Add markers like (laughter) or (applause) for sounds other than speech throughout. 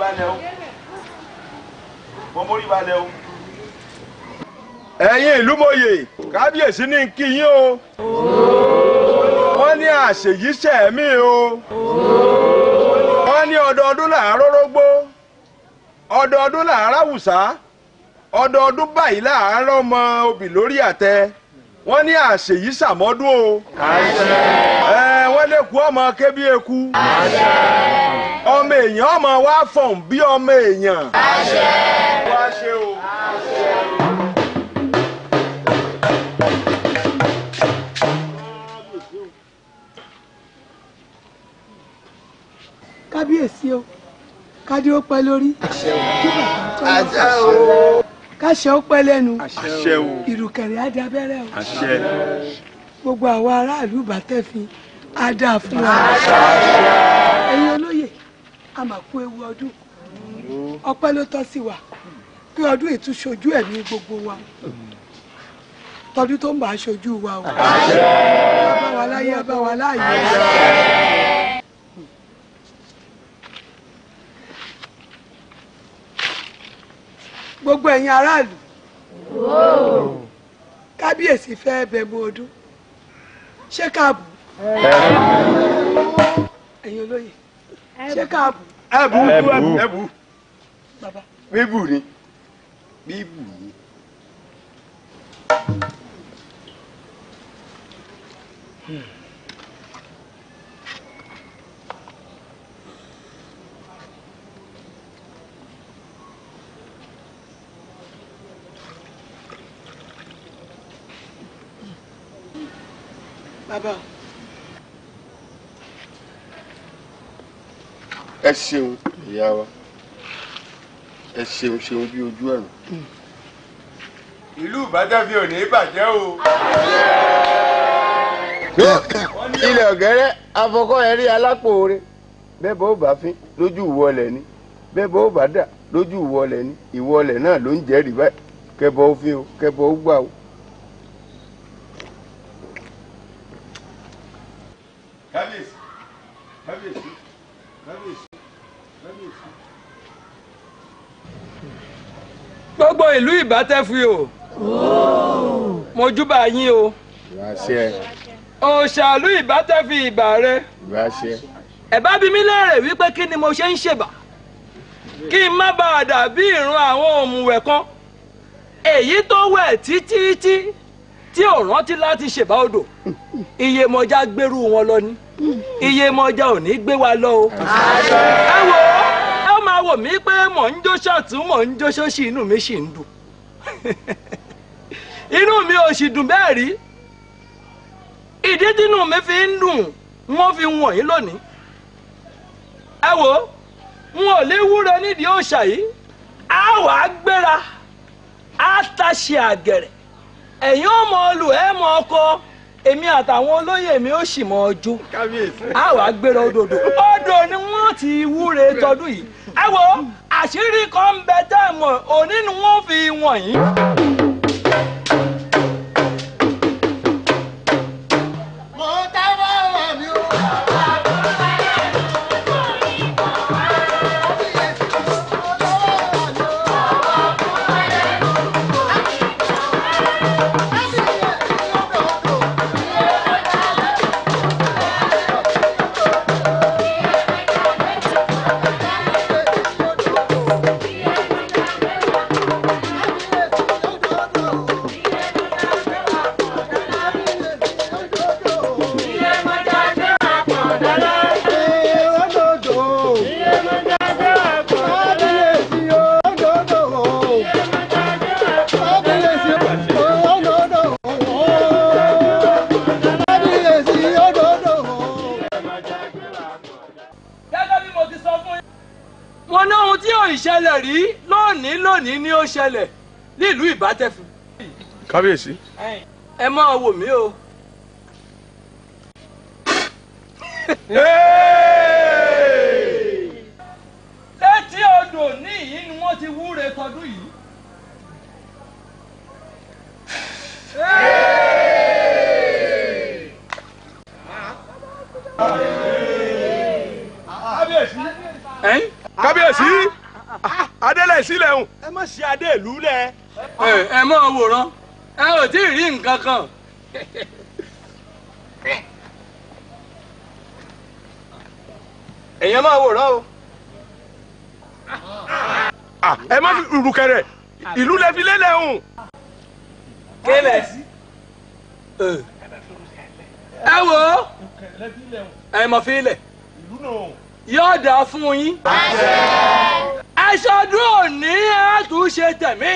balẹ̀ o mo o. ní kí o wọ́n ní àṣèyíṣẹ́ mi o wọ́n ní ọdọọdún làárọ̀ rógbó ọdọọdún ọdọọdún báyìí wọ́n ní o. àwọn ẹlẹ́kùú ọmọ ké bí eku. àṣẹ. ọmọ èèyàn ọmọ wa fọ̀n bí ọmọ èèyàn. àṣẹ. wá ṣe o. kábíyèsí o kádé ó pẹ́ lórí káṣẹ ó pẹ́ lẹ́nu ìrùkẹ̀rẹ̀ á di abẹ́rẹ́ o gbogbo àwa aráàlú bàtẹ́fin á dáa fún olóyè a máa kú ewu ọdún ọpẹ ló tọ́ sí wa pé ọdún ìtúnṣojú gbogbo wa tọdún tó ń bá ṣojú wa o bá láyé bá láàyè. gbogbo aráàlú kábíyèsí fẹ́ bẹ̀ ọdún ṣé ẹ̀yin olóye ṣé káàbù. ẹ̀bù ẹ̀bù ẹ̀bù bíbù ni bíbù ni. bàbá o. ẹ ṣeun ìyá wa ẹ ṣeun ṣeun bí ojú ẹ̀rù. ìlú ìbádáfi ò ní bàjẹ́ o. ilẹ̀ ọ̀gẹ́rẹ́ afọkọ́ ẹ rí alápò orin bẹ́ẹ̀ bó bá fín lójú ìwọlẹ̀ ni bẹ́ẹ̀ bó bá dà lójú ìwọlẹ̀ ni ìwọlẹ̀ náà ló ń jẹ́rìí báyìí kẹbọ òfin o kẹbọ ògbà o. kábíyèsí kábíyèsí. gbogbo ìlú ìbátẹ́fù o oh. mo júbà yín o òṣàlú ìbátẹ́fù ìbà rẹ ẹ bá bi mí léèrè wípé kí ni mo ṣe ń ṣèbà kí n má bàa dàbí ìrun àwọn òmùwẹ̀ kan èyí tó wẹ̀ títí tí ò rántí láti ṣèbá odò iyemọja gbèrú wọn lọ ni iyemọja ò ní gbé wa lọ o ẹ wò ó wò mí pé mò ń jó ṣọ̀tún mò ń jó ṣọ́ṣì inú mi sì ń dùn (laughs) inú mi ò sì dùn bẹ́ẹ̀ rí ìdí tínú mi fi ń dùn wọ́n fi wọ̀nyí lónìí ẹ wò n ò lè wúre nídìí òòṣà yìí á wàá gbéra á taṣe àgẹ̀rẹ̀ ẹ̀yin ọmọ olù ọkọ èmi àtàwọn olóyè mi ó sì mọ ọjọ́ a wàá gbéra odòdó odò ni wọ́n ti wúre tọdún yìí ẹ wo àṣírí kan ń bẹ tẹ́ mọ̀ òní ni wọ́n fi wọ̀nyí. kábíyèsí. ẹ mọ wò mí o kan. èèyàn máa wòran o. ẹ má fi rùrùkẹ̀rẹ̀ ìlú lẹ fi lélẹ̀ hùn. kílẹ̀ ẹ wo ẹ mọ̀ fi lẹ̀ yóò dáa fún yín. aṣọ dùn ní àtúnṣe tẹ̀mí.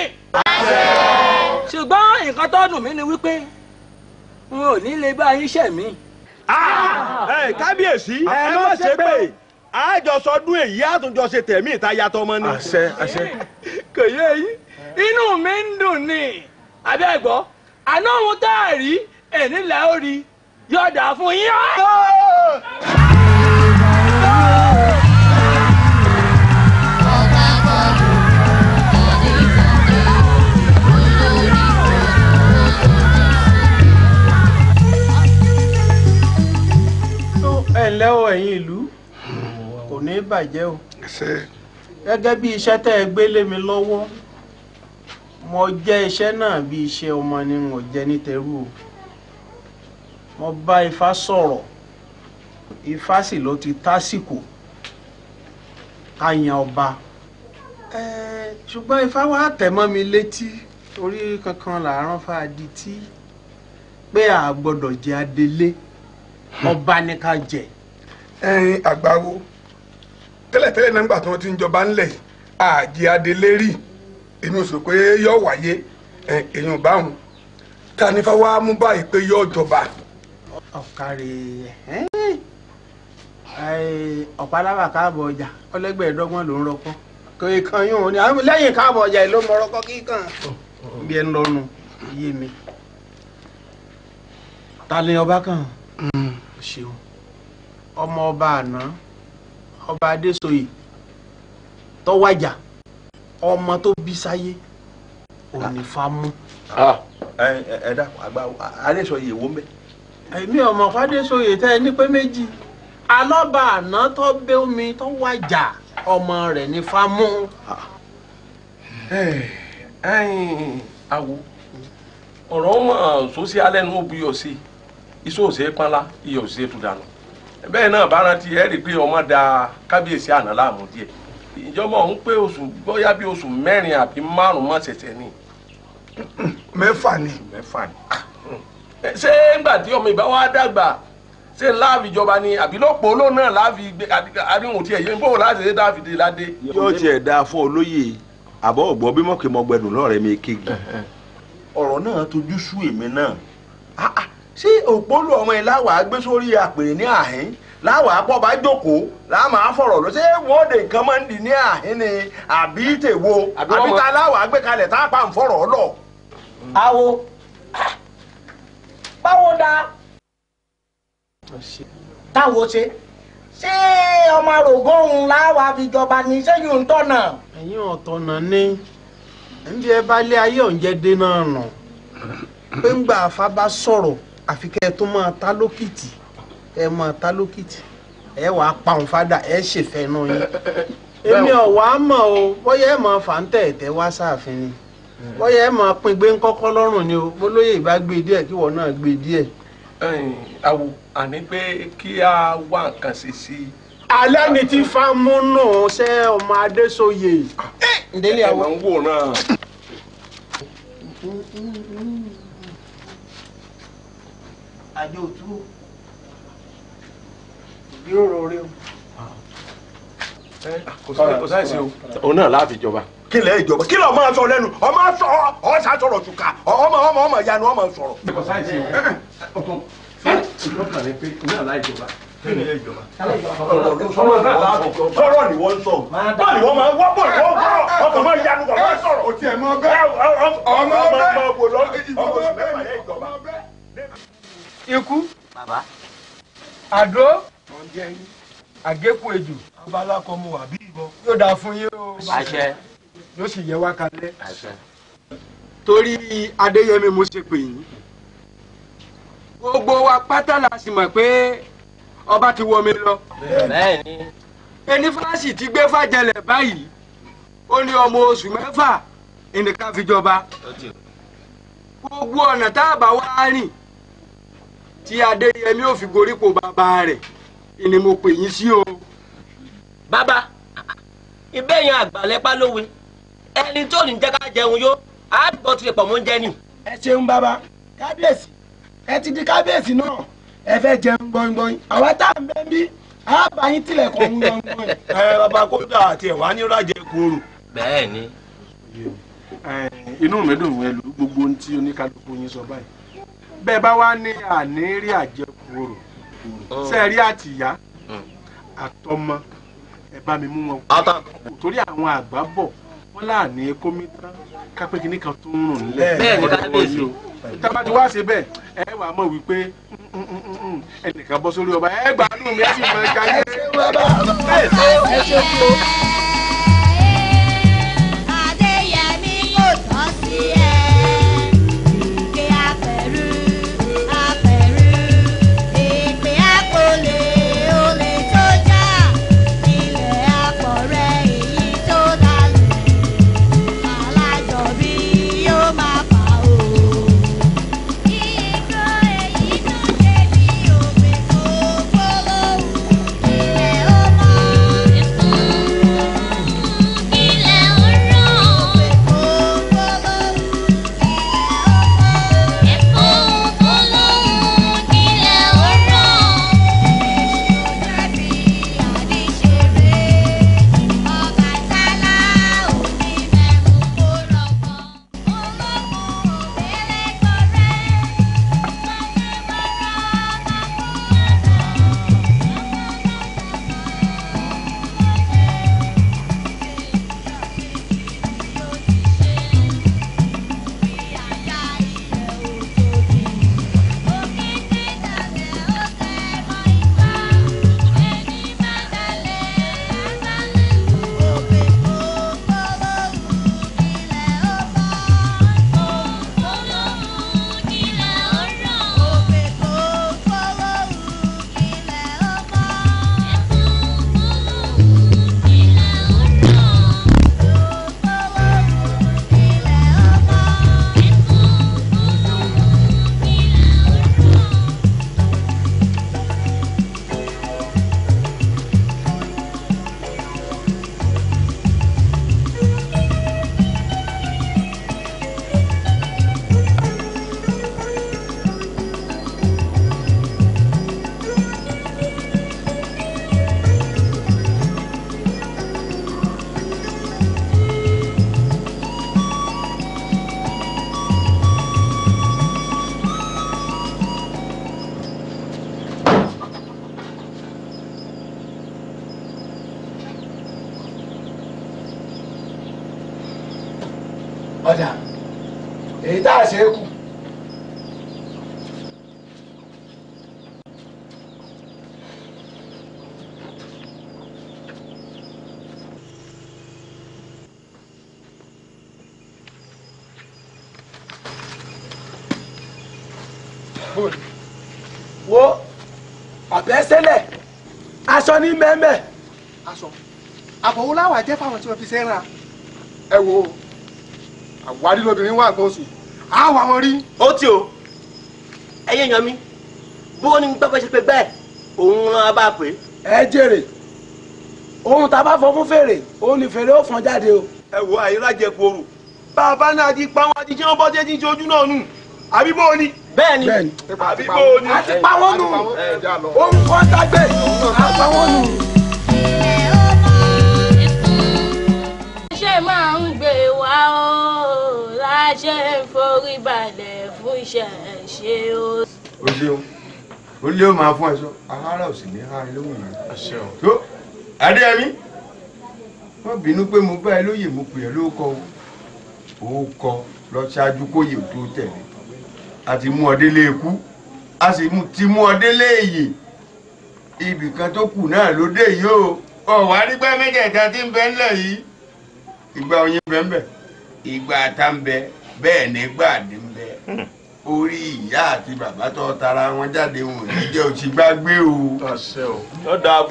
ṣùgbọ́n nǹkan tó dùn mí ni wípé lè bá yín ṣẹ̀ mí. Ah! kábíyèsí ẹ má ṣe pé àjọsọdún èyí àtúnjọ ṣe tẹ̀mí ìta yàtọ̀ ọmọ ni. àṣẹ àṣẹ. kò yé yín inú mi ń dùn ni àbí ẹ gbọ́ àná ohun tá a rí ẹ̀ nílẹ̀ ó rí yọ̀dà fún yín. ǹlẹ́ o ẹ̀yin ìlú kò ní í bàjẹ́ o gẹ́gẹ́ bí iṣẹ́ tẹ́ ẹ gbé lé mi lọ́wọ́ mo jẹ́ iṣẹ́ náà bí iṣẹ́ ọmọ ni mo jẹ́ nítẹrú o mo bá ifá sọ̀rọ̀ ifá sì ló ti tásìkò ká ọba ṣùgbọ́n ifá wa tẹ̀ mọ́ mi létí orí kankan làárọ̀ fa adití pé a gbọ́dọ̀ jẹ́ adelé hmm. ọba ni ká jẹ́. ẹ̀yin àgbáwo tẹ́lẹ̀tẹ́lẹ̀ náà nígbà tí wọ́n ti ń jọba ńlẹ̀ èmi ò sọ pé yọ wáyé èèyàn ta ni fáwa mú báyìí pé yọ jọba. ọ̀kàrẹ̀ ọ̀pálábà káàbọ̀ ọjà ọlẹ́gbẹ̀ẹ́dọ́gbọ̀n ló ń rọpọ́ kìkan yóò ní lẹ́yìn káàbọ̀ ọjà ìlú mọ̀ rọpọ́ kíkan bí ọmọ ọba àná ọba adésoyè tọ́wájà ọmọ tó bí sáyé onífàmù. Ah. Ah. ẹ dákun àgbà adésoyè wo ń bẹ. èmi ọmọ fadésoyè tẹ ẹ ní pé méjì alọ́ba àná tó bẹ́ omi tó wájà ọmọ rẹ̀ ní fámú. awo ah. ọ̀rọ̀ ọmọ sọ́sí alẹ́ nu bí yọ̀ sí iṣẹ́ òsè panla iyọ̀ òsè tó dànù bẹ́ẹ̀ náà bá rántí ẹ rí i pé ọmọ da kábíyèsí àná láàmú díẹ̀ ìjọba ọ̀hún pé oṣù bóyá bí oṣù mẹ́rin àbí márùn-ún mọ́ ṣẹ̀ṣẹ̀ ni. mẹ́fà ni. mẹ́fà ni. Ah, ṣé ńgbà tí ọmọ ìbá wa dàgbà ṣé láàfin ìjọba ni àbí lọ́pọ̀ olóò náà láàfin gbé àdéhùn tiẹ̀ yẹn bóò láti ṣe dáàfin dé ládé. yóò tiẹ̀ da fún olóyè àbọ̀ ọ̀gbọ́n bí mọ̀kì mọ̀gbẹ́dùn lọ́ọ̀rẹ́ mi kéegi. ọ̀rọ̀ náà tojú sú èmi náà ah, ah, ṣé òpólù ọmọ yẹn láwàá gbé sórí àpèrè ní àhín láwàá pọ̀ bá jókòó láàmà àfọ̀rọ̀ lọ ṣé wọ́n de nǹkan máa ń dì ní àhín ni àbí tèwo àbí ta láwàá gbé kalẹ̀ tá a pa nfọ̀rọ̀ lọ. àwo báwo da táwo ṣe ṣé ọmọ rògbò ọhún láwàá fi jọba ní sẹ́yìn ń tọ̀nà. ẹ̀yin ọ̀tọ̀nà ni ń bí ẹ bá lé ayé òǹjẹ́ dé náà nà pé ń gbà àfa bá sọ̀rọ̀ àfi kẹ́ ẹ tó máa ta lókìtì ẹ máa ta lókìtì ẹ wàá pa òun fádà ẹ ṣèfẹ́ náà yín èmi ò wá mọ̀ o bóyá ẹ máa fà ń tẹ̀ ẹ̀tẹ́ wá sáàfin ni bóyá ẹ máa pin gbé ń lọ́rùn ni o bólóyè ìbá gbé díẹ̀ kí wọ́n náà gbé díẹ̀. àwò àní pé kí a wá nǹkan ṣe sí i. alẹ́ ni tí fámúnù ṣe ọmọ adéṣoyè. ǹdẹ́lẹ̀ àwọn. ẹ̀ máa ń wòran àjọ òtú ìjíròrò rẹ o. Ah, kò sáyẹ̀ sí o. òun náà láàfin ìjọba. kí lẹ́ ìjọba kí lọ́ọ́ máa sọ lẹ́nu ọmọ sọ ọ ṣá sọ̀rọ̀ ṣùkà ọmọ ọmọ ọmọ ìyanu ọmọ sọ̀rọ̀. kò sáyẹ̀ sí o. Eh, eh. ọkàn ìjọba rẹ pé òun náà láì jọba sọ̀rọ̀ ni wọ́n sọ báà ni wọ́n máa wọ́ bọ̀ wọ́n kọ́rọ̀ ọkọ̀ máa yanu bọ̀ wọ́n sọ̀rọ̀. o tiẹ̀ mọ bẹ́ẹ̀ ọmọ bẹ́ẹ̀ ọmọ bẹ́ẹ̀ ìjọba bẹ́ẹ̀ ikú. bàbá. àdó. wọ́n jẹ́ yín. àgékù ejò. abalakọ mo wà bí ìbọn. yóò dáa fún yín o. àṣẹ. yóò sì yẹ wá kalẹ̀. àṣẹ. torí adéyẹmí mo ṣe pè yín. gbogbo wa pátá la sì mọ̀ pé ọba ti wọmi lọ. bẹ́ẹ̀ni. ẹni fásitì ti gbé fàjẹlẹ̀ báyìí ó ní ọmọ oṣù mẹ́fà ẹnìkan fi jọba gbogbo ọ̀nà tá a bá wá rìn tí adéyẹmí ò fi gorípò bàbá rẹ̀ ni mo pè yín sí o. bàbá ìbéèyàn àgbàlẹ́pá lówe ẹni tó ní jẹ́ ká jẹun yó àádọ́ tilẹ̀ pọ̀ mọ́ ń jẹ ni. ẹ ṣeun bàbá kábíyèsí ẹ ti di kábíyèsí náà ẹ fẹ́ jẹun gbọ̀ngbọ̀n àwa tá à ń bẹ́ bí àbá yín tilẹ̀kùn ọ̀hún gbọ̀ngbọ̀n. ẹ bàbá kódà àti ẹ̀wà ní rájẹ kúrò. bẹ́ẹ̀ ni. inú mi dùn wẹ́lú gbogbo ohun tí oníkálukú yín sọ báyìí bẹ́ẹ̀ bá wá ní àní rí àjẹkùrò sẹ́ẹ̀rí mm. àtìyá mm. àtọmọ ẹ bá mi mú wọn kú torí àwọn àgbà bọ̀ wọ́n láàní kọ́mítà kápẹ́ kínní kan tó ń rùn nílẹ̀ bẹ́ẹ̀ ni kábíyèsí o tábà ti wá sí bẹ́ẹ̀ ẹ wà mọ̀ wípé ẹnìkan bọ́ sórí ọba ẹ gbàdúrà mi ẹ sì mọ ẹ̀ka yẹn. ní mẹ́mẹ́. aṣọ àbọ̀wò láwà jẹ́ fáwọn tí wọ́n fi sẹ́ran. ẹ wo àwárí lóbìnrin wà nǹkan oṣù á wà wọn rí. ó ti o ẹyẹ yan mi bó ni gbàgbọ́ ṣe pé bẹ́ẹ̀ òun rán a bá pè ẹ jèrè ohun tá bá fọ fún fèrè òun ni fèrè ó fọn jáde o. ẹ wo àyíká jẹ kooru bàbá náà ti pa wọn àti jẹun bọ́jẹ́ ti ń ṣojú náà nù àbí bó ni. àbí bó àti pa wọn nù òun kọ́ tá gbé àgbà wọn nù. iṣẹ́ máa ń gbé wa ó láṣẹ ń forí balẹ̀ fún iṣẹ́ ṣe ó. o ṣeun o lé o máa fún ẹ sọ ahara ò sì ní ha lóhùn yẹn. tó adéyẹmí wọn bínú pé mo bá ẹ lóye mo pè ẹ lóko o kọ lọ ṣáájú kóyè tó tẹ̀lé a ti mú ọdẹ lé ikú a sì ti mú ọdẹ lé èyè ibìkan tó kù náà ló dé yìí o ọ̀wá nígbà mẹ́tẹ̀ẹ̀ta tí ń bẹ ńlẹ̀ yìí ìgbà oyin bẹ ń bẹ ìgbà ata ń bẹ bẹ́ẹ̀ ni gbà ní ń bẹ hmm. orí ìyá àti bàbá tó tara wọn jáde wọn jíjẹ ò ti gbàgbé o. ọ̀sẹ̀ o ló dáa.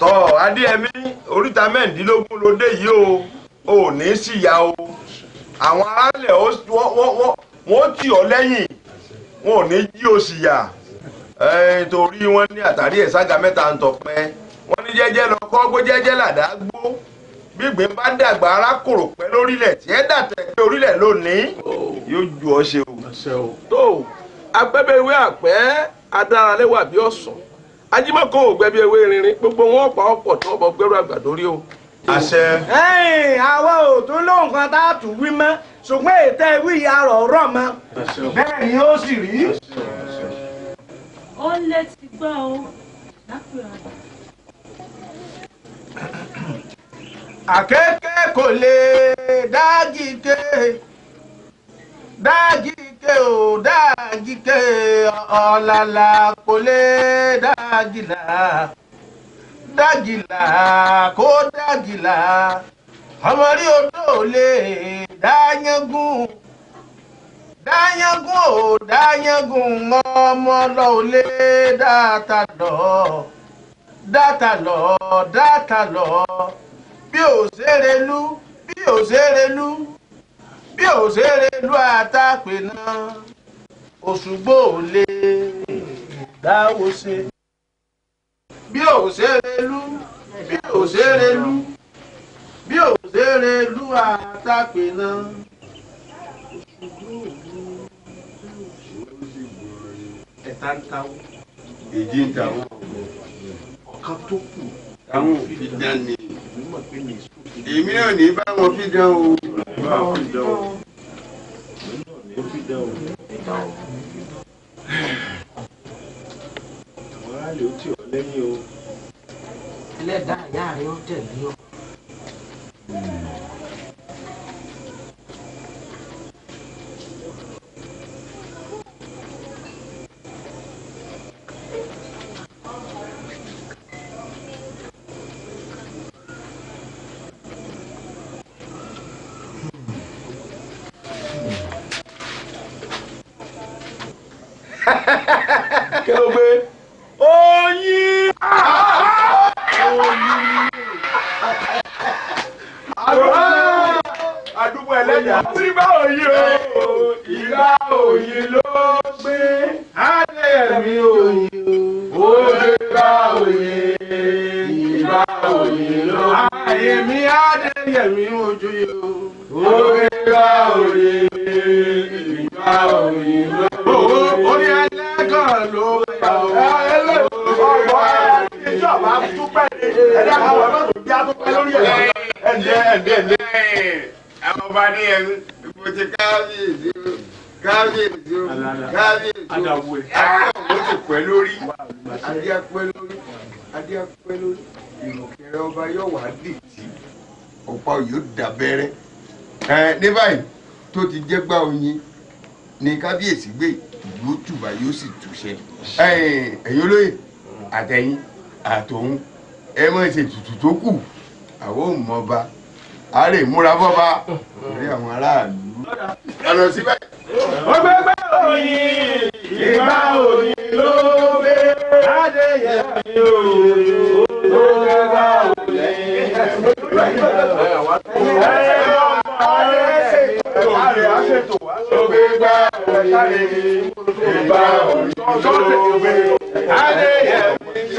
tọ́ adéyẹmí oríta mẹ́rìndínlógún ló dé yìí o ò ní í síyà o àwọn aráàlẹ̀ wọ́n tì ọ́ lẹ́yìn wọn ò ní í jí o síyà. Eh, torí wọ́n ní àtàrí ẹ̀ sága mẹ́ta ń tọpẹ́ wọ́n ní jẹ́jẹ́ lọ kọ́ gbó jẹ́jẹ́ làdá gbó gbígbé bá dàgbà arákòrò pẹ́ lórílẹ̀ tí ẹ dàtẹ̀ pé orílẹ̀ lónìí yóò ju ọ ṣe o. tó agbẹ́bẹ́ ìwé àpẹ́ adáralẹ́wà bí ọ̀sán ajímọ̀kọ́ ògbẹ́bí ewé rinrin gbogbo wọn pa ọ̀pọ̀ tó ọbọ̀ gbẹ́rù àgbàdo o. àṣẹ. àwa ò tún ló nǹkan tá a tù wí mọ́ ṣùgbọ́n ètò ìwé ìyá rọ̀ rọ̀ mọ́ bẹ́ẹ̀ ni ó sì rí ó lé ti gbọ́ o lápẹ̀rẹ̀ àgbà. àkekèé kò lè dágìté dágìté o dágìté ọ̀làlà kò lè dágìlà dágìlà kó dágìlà ọmọ rí odò lè dáyẹ́gùn dáyángún ò dáyángún ọmọ lọ ò lé dáta lọ dáta lọ dáta lọ bí ò sérelú bí ò sérelú bí ò sérelú àtàpè náà òṣùgbò ò lè dáwó bí ò sérelú bí ò sérelú bí ò sérelú àtàpè náà. ẹ̀ta ń ta wọ́n. èjì ń ta wọ́n. ọ̀kan tó kù. táwọn fi dán ni. èmi náà ní bá wọn fi dán o. bá wọn fi dán o. ó fi dán lẹ́yìn o. ẹlẹ́dàá ìyá rẹ̀ tẹ̀lé ọ. kábíyèsí o kábíyèsí o ó ti pẹ́ lórí adé apẹ́ lórí adé apẹ́ lórí ìrùkẹ̀rẹ̀ ọba yóò wá dìtì ọ̀pá yóò dàbẹ́rẹ́ ẹ ní báyìí tó ti jẹ́ gbá oyin ni kábíyèsí gbé ìlú tùbà yóò sì túṣẹ ẹ̀yin olóyè àtẹ̀yìn àtòun ẹ mọ̀ ṣe ètùtù tó kù àwọn ò mọ̀ ọba àárẹ̀ ìmúra bọ́ba lórí àwọn aráàlú ọ̀nà síbẹ̀. ọgbẹ́gbẹ́ oyin ìgbà oyin ló gbé adéyẹmí oyin ló gbẹ́gbà oyin. Ogbe gba oyin, ìgbà oyin ló gbé adéyẹmí oyin ló gbé adéyẹmí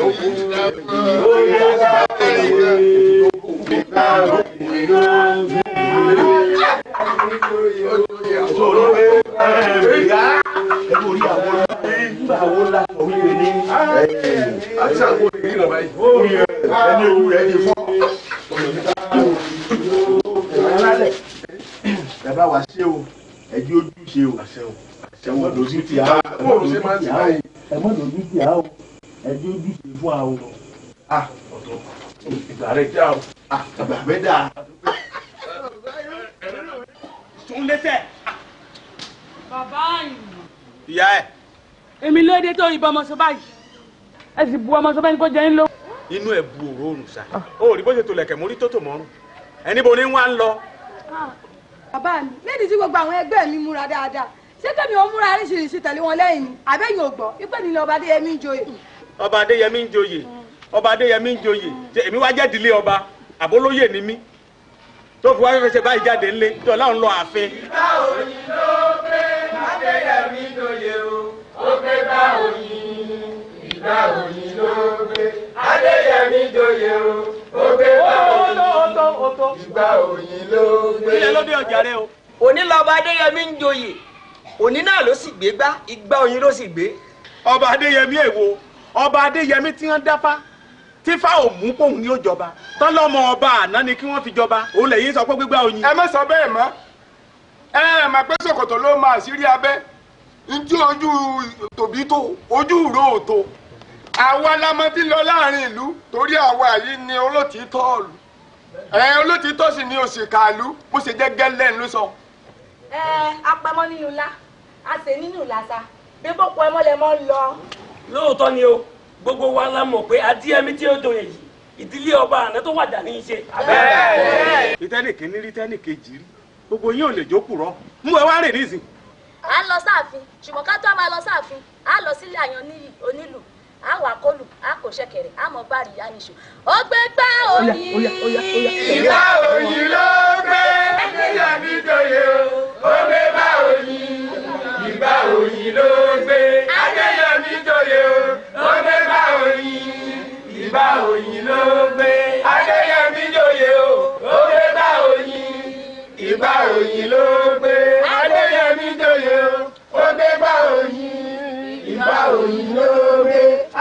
oyin ló gbé sọ̀rọ̀ ẹ̀ẹ́dá ẹ̀kọ́ orí àwọn olùdí nígbà wo la orí rẹ̀ ní. àti àwọn olùdí rẹ̀ báyìí. orí rẹ̀ ẹni owó rẹ̀ ti fọ́. alálẹ̀ bàbá wa ṣé o ẹ̀jẹ̀ ojú ṣe o ẹ̀wọ̀n lójú ti a ẹ̀wọ̀n lójú ti a o ẹ̀jẹ̀ ojú ṣe fún a o. ọ̀tọ̀ ìgbà rẹ̀ dá o. àgbà rẹ̀ dá a tún lẹ́sẹ̀. bàbá àyìnbó. ìyá ẹ. èmi ló dé tó ìbọn ọmọọṣọ báyìí ẹ sì bu ọmọọṣọ báyìí kó jẹ ń lọ. inú ẹ bu òróòrùn sa ah. ó rí bó ṣe tolẹ̀kẹ̀ mórí tó tò mọ́rùn ẹni bo ni wọ́n á lọ. Ah, bàbá mi lédi tí gbogbo àwọn ẹgbẹ́ mi múra dáadáa ṣé kébì wọn múra oríṣiríṣi tẹ̀lé wọn lẹ́yìn ni àbẹ́yìn ò gbọ́ ipò nílò ọba adéyẹmí ń joyè. ọba adéyẹmí ń joyè ọba adéyẹmí ń joyè èmi wá jẹ́ ìdílé ọba àbólóyè ni mí tó fi wá fẹ́fẹ́ ṣe báyìí jáde ńlẹ̀ tó ọlọ́run lọ ààfin. ìgbà òyìn ló pé adéyẹmí tó yẹ o ó pé bá òyìn ìgbà òyìn ló pé adéyẹmí tó yẹ o ó pé bá òyìn ìgbà òyìn ló pé. ilé ló dé ọjà rẹ o. òní lọba adéyẹmí ń joyè òní náà ló sì gbé gbá ìgbà òyìn ló sì gbé. ọba adéyẹmí èwo ọba adéyẹmí tí wọn dáfá tífà ò mú kóhun ní òjọba tọ́lọ́mọ ọba àná ni kí wọ́n fi jọba òun lè yín sọ pé gbígbá oyin. ẹ má sọ bẹ́ẹ̀ mọ́ ẹ ẹ mà pé ṣòkòtò ló máa sírí abẹ́ njú ojú tòbí tó ojú ìró òtó àwa la mọ ti lọ láàrin ìlú torí àwa yìí ni olótìítọ́ ọ̀lù ẹ olótìítọ́ sì ni òṣìkà ìlú ṣe jẹ́ gẹ́lẹ́ ló sọ. ẹ apamọ́ nínú ńlá a sì nínú làṣà bí bó pọ̀ ẹmọ́ lẹ mọ́ ń lọ. lóòótọ́ ni o gbogbo wa la mọ̀ pé adíyẹmí tí ó doyè yìí ìdílé ọba àná tó wàjà ní í ṣe. ìtẹ́nì kìíní rí tẹ́nì kejì gbogbo yín ò lè jókòó rọ mú ẹ wá rè nísìn. a lọ sáàfin ṣùgbọ́n ká tó a máa lọ sáàfin a lọ sílé àyàn onílù a wà kólù a kò ṣẹ̀kẹ̀rẹ̀ a mọ bá rìyá níṣó. ó gbé gbá òyì ìgbà òyì ló gbé níyà mi dòye o ó gbé gbá òyì ìgbà òyì ló gbé adéyẹmí dòye o bá òyìn ló gbé Adéyẹmí jòyè o ó gbé bá òyìn ìbá òyìn ló gbé Adéyẹmí jòyè o ó gbé bá òyìn ìbá òyìn ló gbé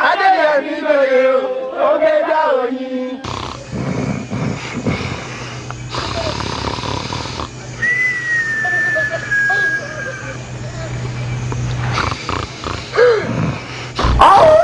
Adéyẹmí jòyè o ó gbé bá òyìn. Oh!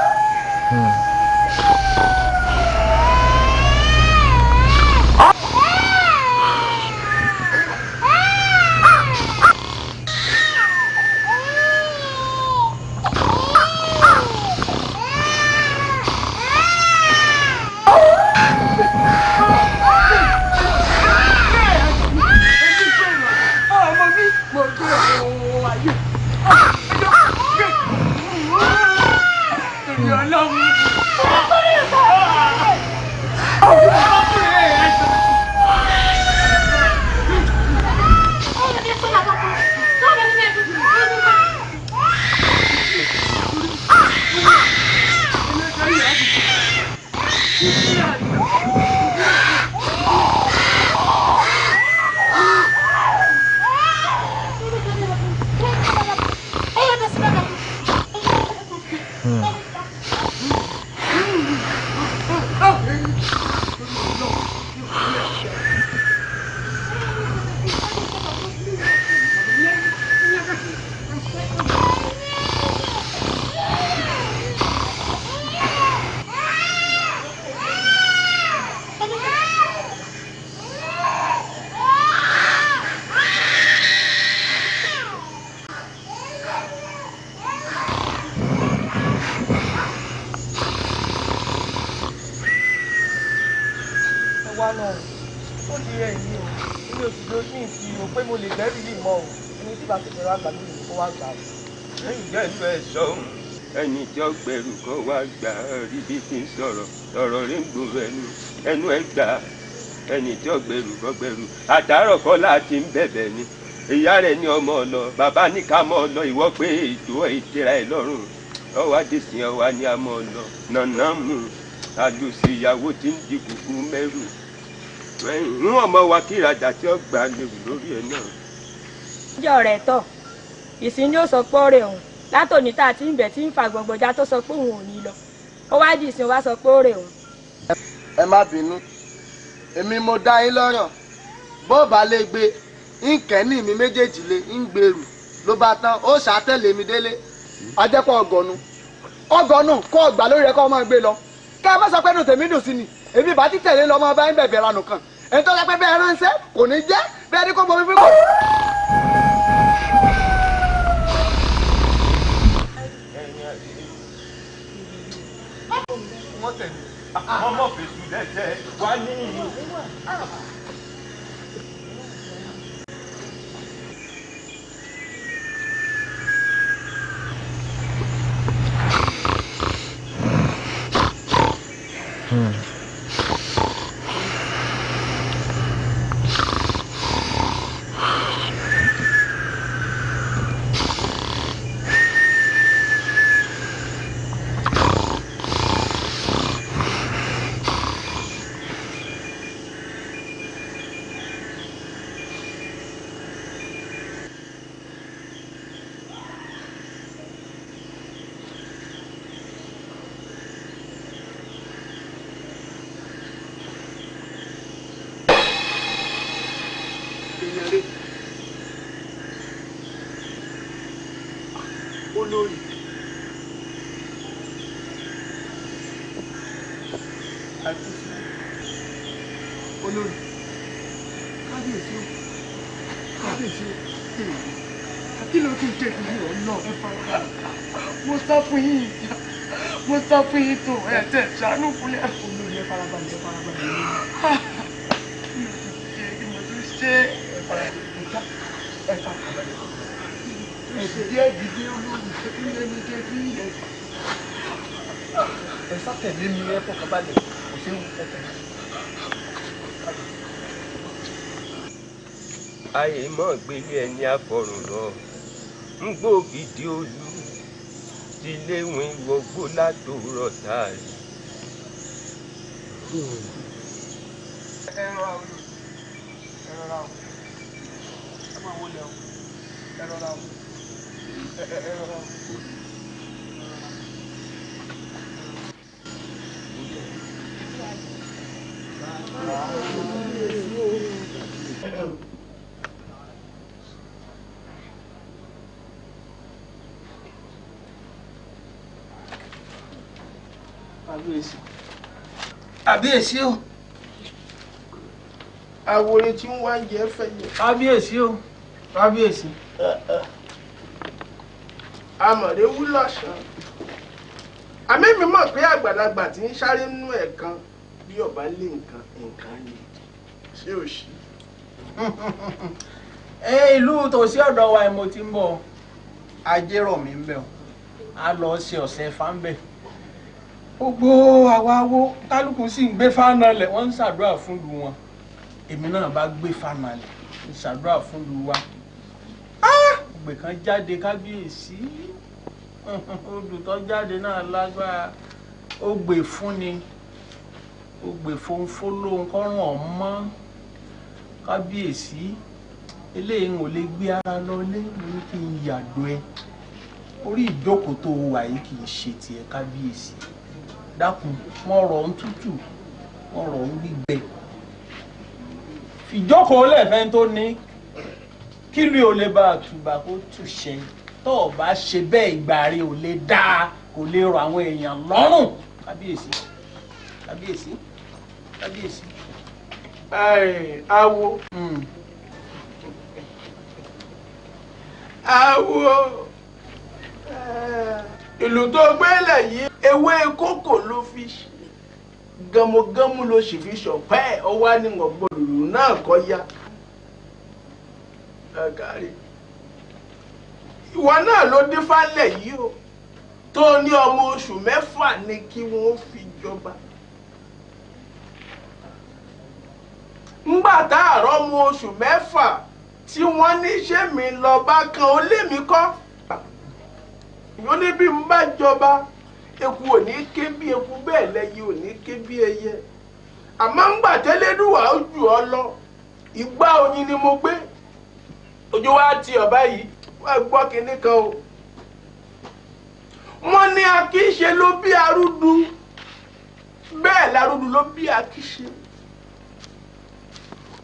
gbà rí bí ń sọ̀rọ̀ ọ̀rọ̀ rí ń gbòòrò ẹnu ẹnu ẹ gbà ẹni tí ọgbẹrù gbọgbẹrù àtàárọ̀ kọ́lá ti ń bẹ̀bẹ̀ ni ìyá rẹ̀ ní ọmọ ọlọ bàbá ní ká mọ ọlọ ìwọ pé ètò ìtira ẹ lọ́rùn ọwọ́ àdìsìn ọwọ́ ni a mọ ọlọ nànà mú àlùsí ìyàwó ti ń di kùkú mẹ́rù ń ọmọ wa kíradà tí ó gbà lórí ẹ náà. ìjọ rẹ̀ tọ̀ ìsìn ni ó sọ pọ́ọ́rẹ́ òun látòní tá a ti ń bẹ̀ tí ń fa gbọ̀ngbọ̀njá tó sọ pé òun ò ní lọ ó wá dì sí ó wá sọ pé ó rẹ̀ òun. ẹ má bínú èmi mo dá yín lọ́rọ̀ bó bá lè gbé ń kẹ́ni mi méjèèjì lé ń gbèrú ló bá tán ó ṣàtẹ̀lé mi délé ajẹ́pọ̀ ọgọ́nu ọgọ́nu kọ́ ọgbà lórí ẹ̀kọ́ ọmọ gbé lọ ká má sọ pé nù tèmi dùn sí ni èmi bá ti tẹ̀lé lọ́mọ bá ń bẹ̀bẹ̀ ranù kan ètò ọ̀sẹ̀ bẹ́ẹ̀ ránṣẹ́ kò ní jẹ́ bẹ́ẹ̀ ni kò mọ fífi kọ́. wọ́n tẹ̀lé wọ́n mọ̀ fèsù dẹ̀ jẹ́ wá ní fún yín ìyá mo sọ fún yín tó ẹ tẹ ṣàánú kúlẹ̀. olórí ẹ farabalẹ̀ ẹ farabalẹ̀ kí mo tún ṣe ẹ farabalẹ̀ ẹ farabalẹ̀ ẹsẹ̀ díẹ̀ dídé olórí ilé mi dé bí ilẹ̀ ẹ sátẹ̀lé mi ẹ fọkànbalẹ̀ kò séwu ẹ tẹ̀lé. ayé mọ̀ gbélé ẹni afọrùn lọ ń gbòógì dé olú ti léwìn gbogbo ládùúrọ̀ táàrí. ẹ rọra o Thank you. kábíyèsí. kábíyèsí o. àwòrán tí ń wá ń jẹ́ fẹ̀yẹ̀. kábíyèsí o kábíyèsí. amọ̀dé wúlọ̀ ṣan. àmẹ́mi mọ̀ pé àgbàlagbà tí ń sáré nínú ẹ̀kan bí ọba lé nǹkan nǹkan ni ṣé o ṣí. ẹ (laughs) eh, ìlú tòsí ọ̀dọ̀ wa ni mo ti ń bọ̀ ajérò mi ń bẹ̀ o a lọ ṣe ọ̀sẹ̀ fáńbẹ̀ gbogbo àwa awo kálukú sì ń gbé fáànà lẹ̀ wọ́n ń ṣàdúrà fún lu wọn èmi náà bá gbé fáànà lẹ̀ ń ṣàdúrà fún lu wa ah! ògbè kan jáde kábíyèsí (laughs) odò tó jáde náà lágbára ògbè fún ni ògbè fòǹfò lóhun kọ́rùn ọ̀mọ́ kábíyèsí eléyìí ò lè gbé ara lọ lé ní kí n yàgbọ́ ẹ orí ìjókòó tó wà yìí kì í ṣe tiẹ̀ kábíyèsí dákun wọn rọ̀ ń tútù wọn rọ̀ ń gbígbẹ fìjókòó lẹ́fẹ̀ẹ́ tó ní kí lè o lè bá a tùbà kó túṣẹ tó o bá ṣe bẹ́ẹ̀ ìgbà rẹ ò lè dáa kò lè rọ àwọn èèyàn lọ́rùn kábíyèsí kábíyèsí kábíyèsí. awo hmm. awo ìlú tó gbélé yìí ewé kókò ló fi gẹmugẹmu ló sì fi ṣọ̀pẹ́ ẹ̀ ọwọ́ àníwọ̀n gbòòrò náà kọ́ ya ìwọ náà ló dé fálẹ̀ yìí o tó ní ọmọ oṣù mẹ́fà ni kí wọ́n fi jọba. ńgbà tá oṣu ọmọ oṣù mẹ́fà tí wọ́n ní ṣé mi lọ bá kan ó lé mi kọ́ yóò ní bí n bá jọba. eku ò ní ké eku bẹ́ẹ̀ lẹ́yìn ò ní ké bí ẹyẹ àmọ́ ń gbà tẹ́lẹ́dùwà ó ọ lọ ìgbà oyin ni mo gbé ojú wa ti ọba yìí wá gbọ́ kinní kan o wọ́n ní akíṣe ló bí arúdu bẹ́ẹ̀ ló bí akíṣe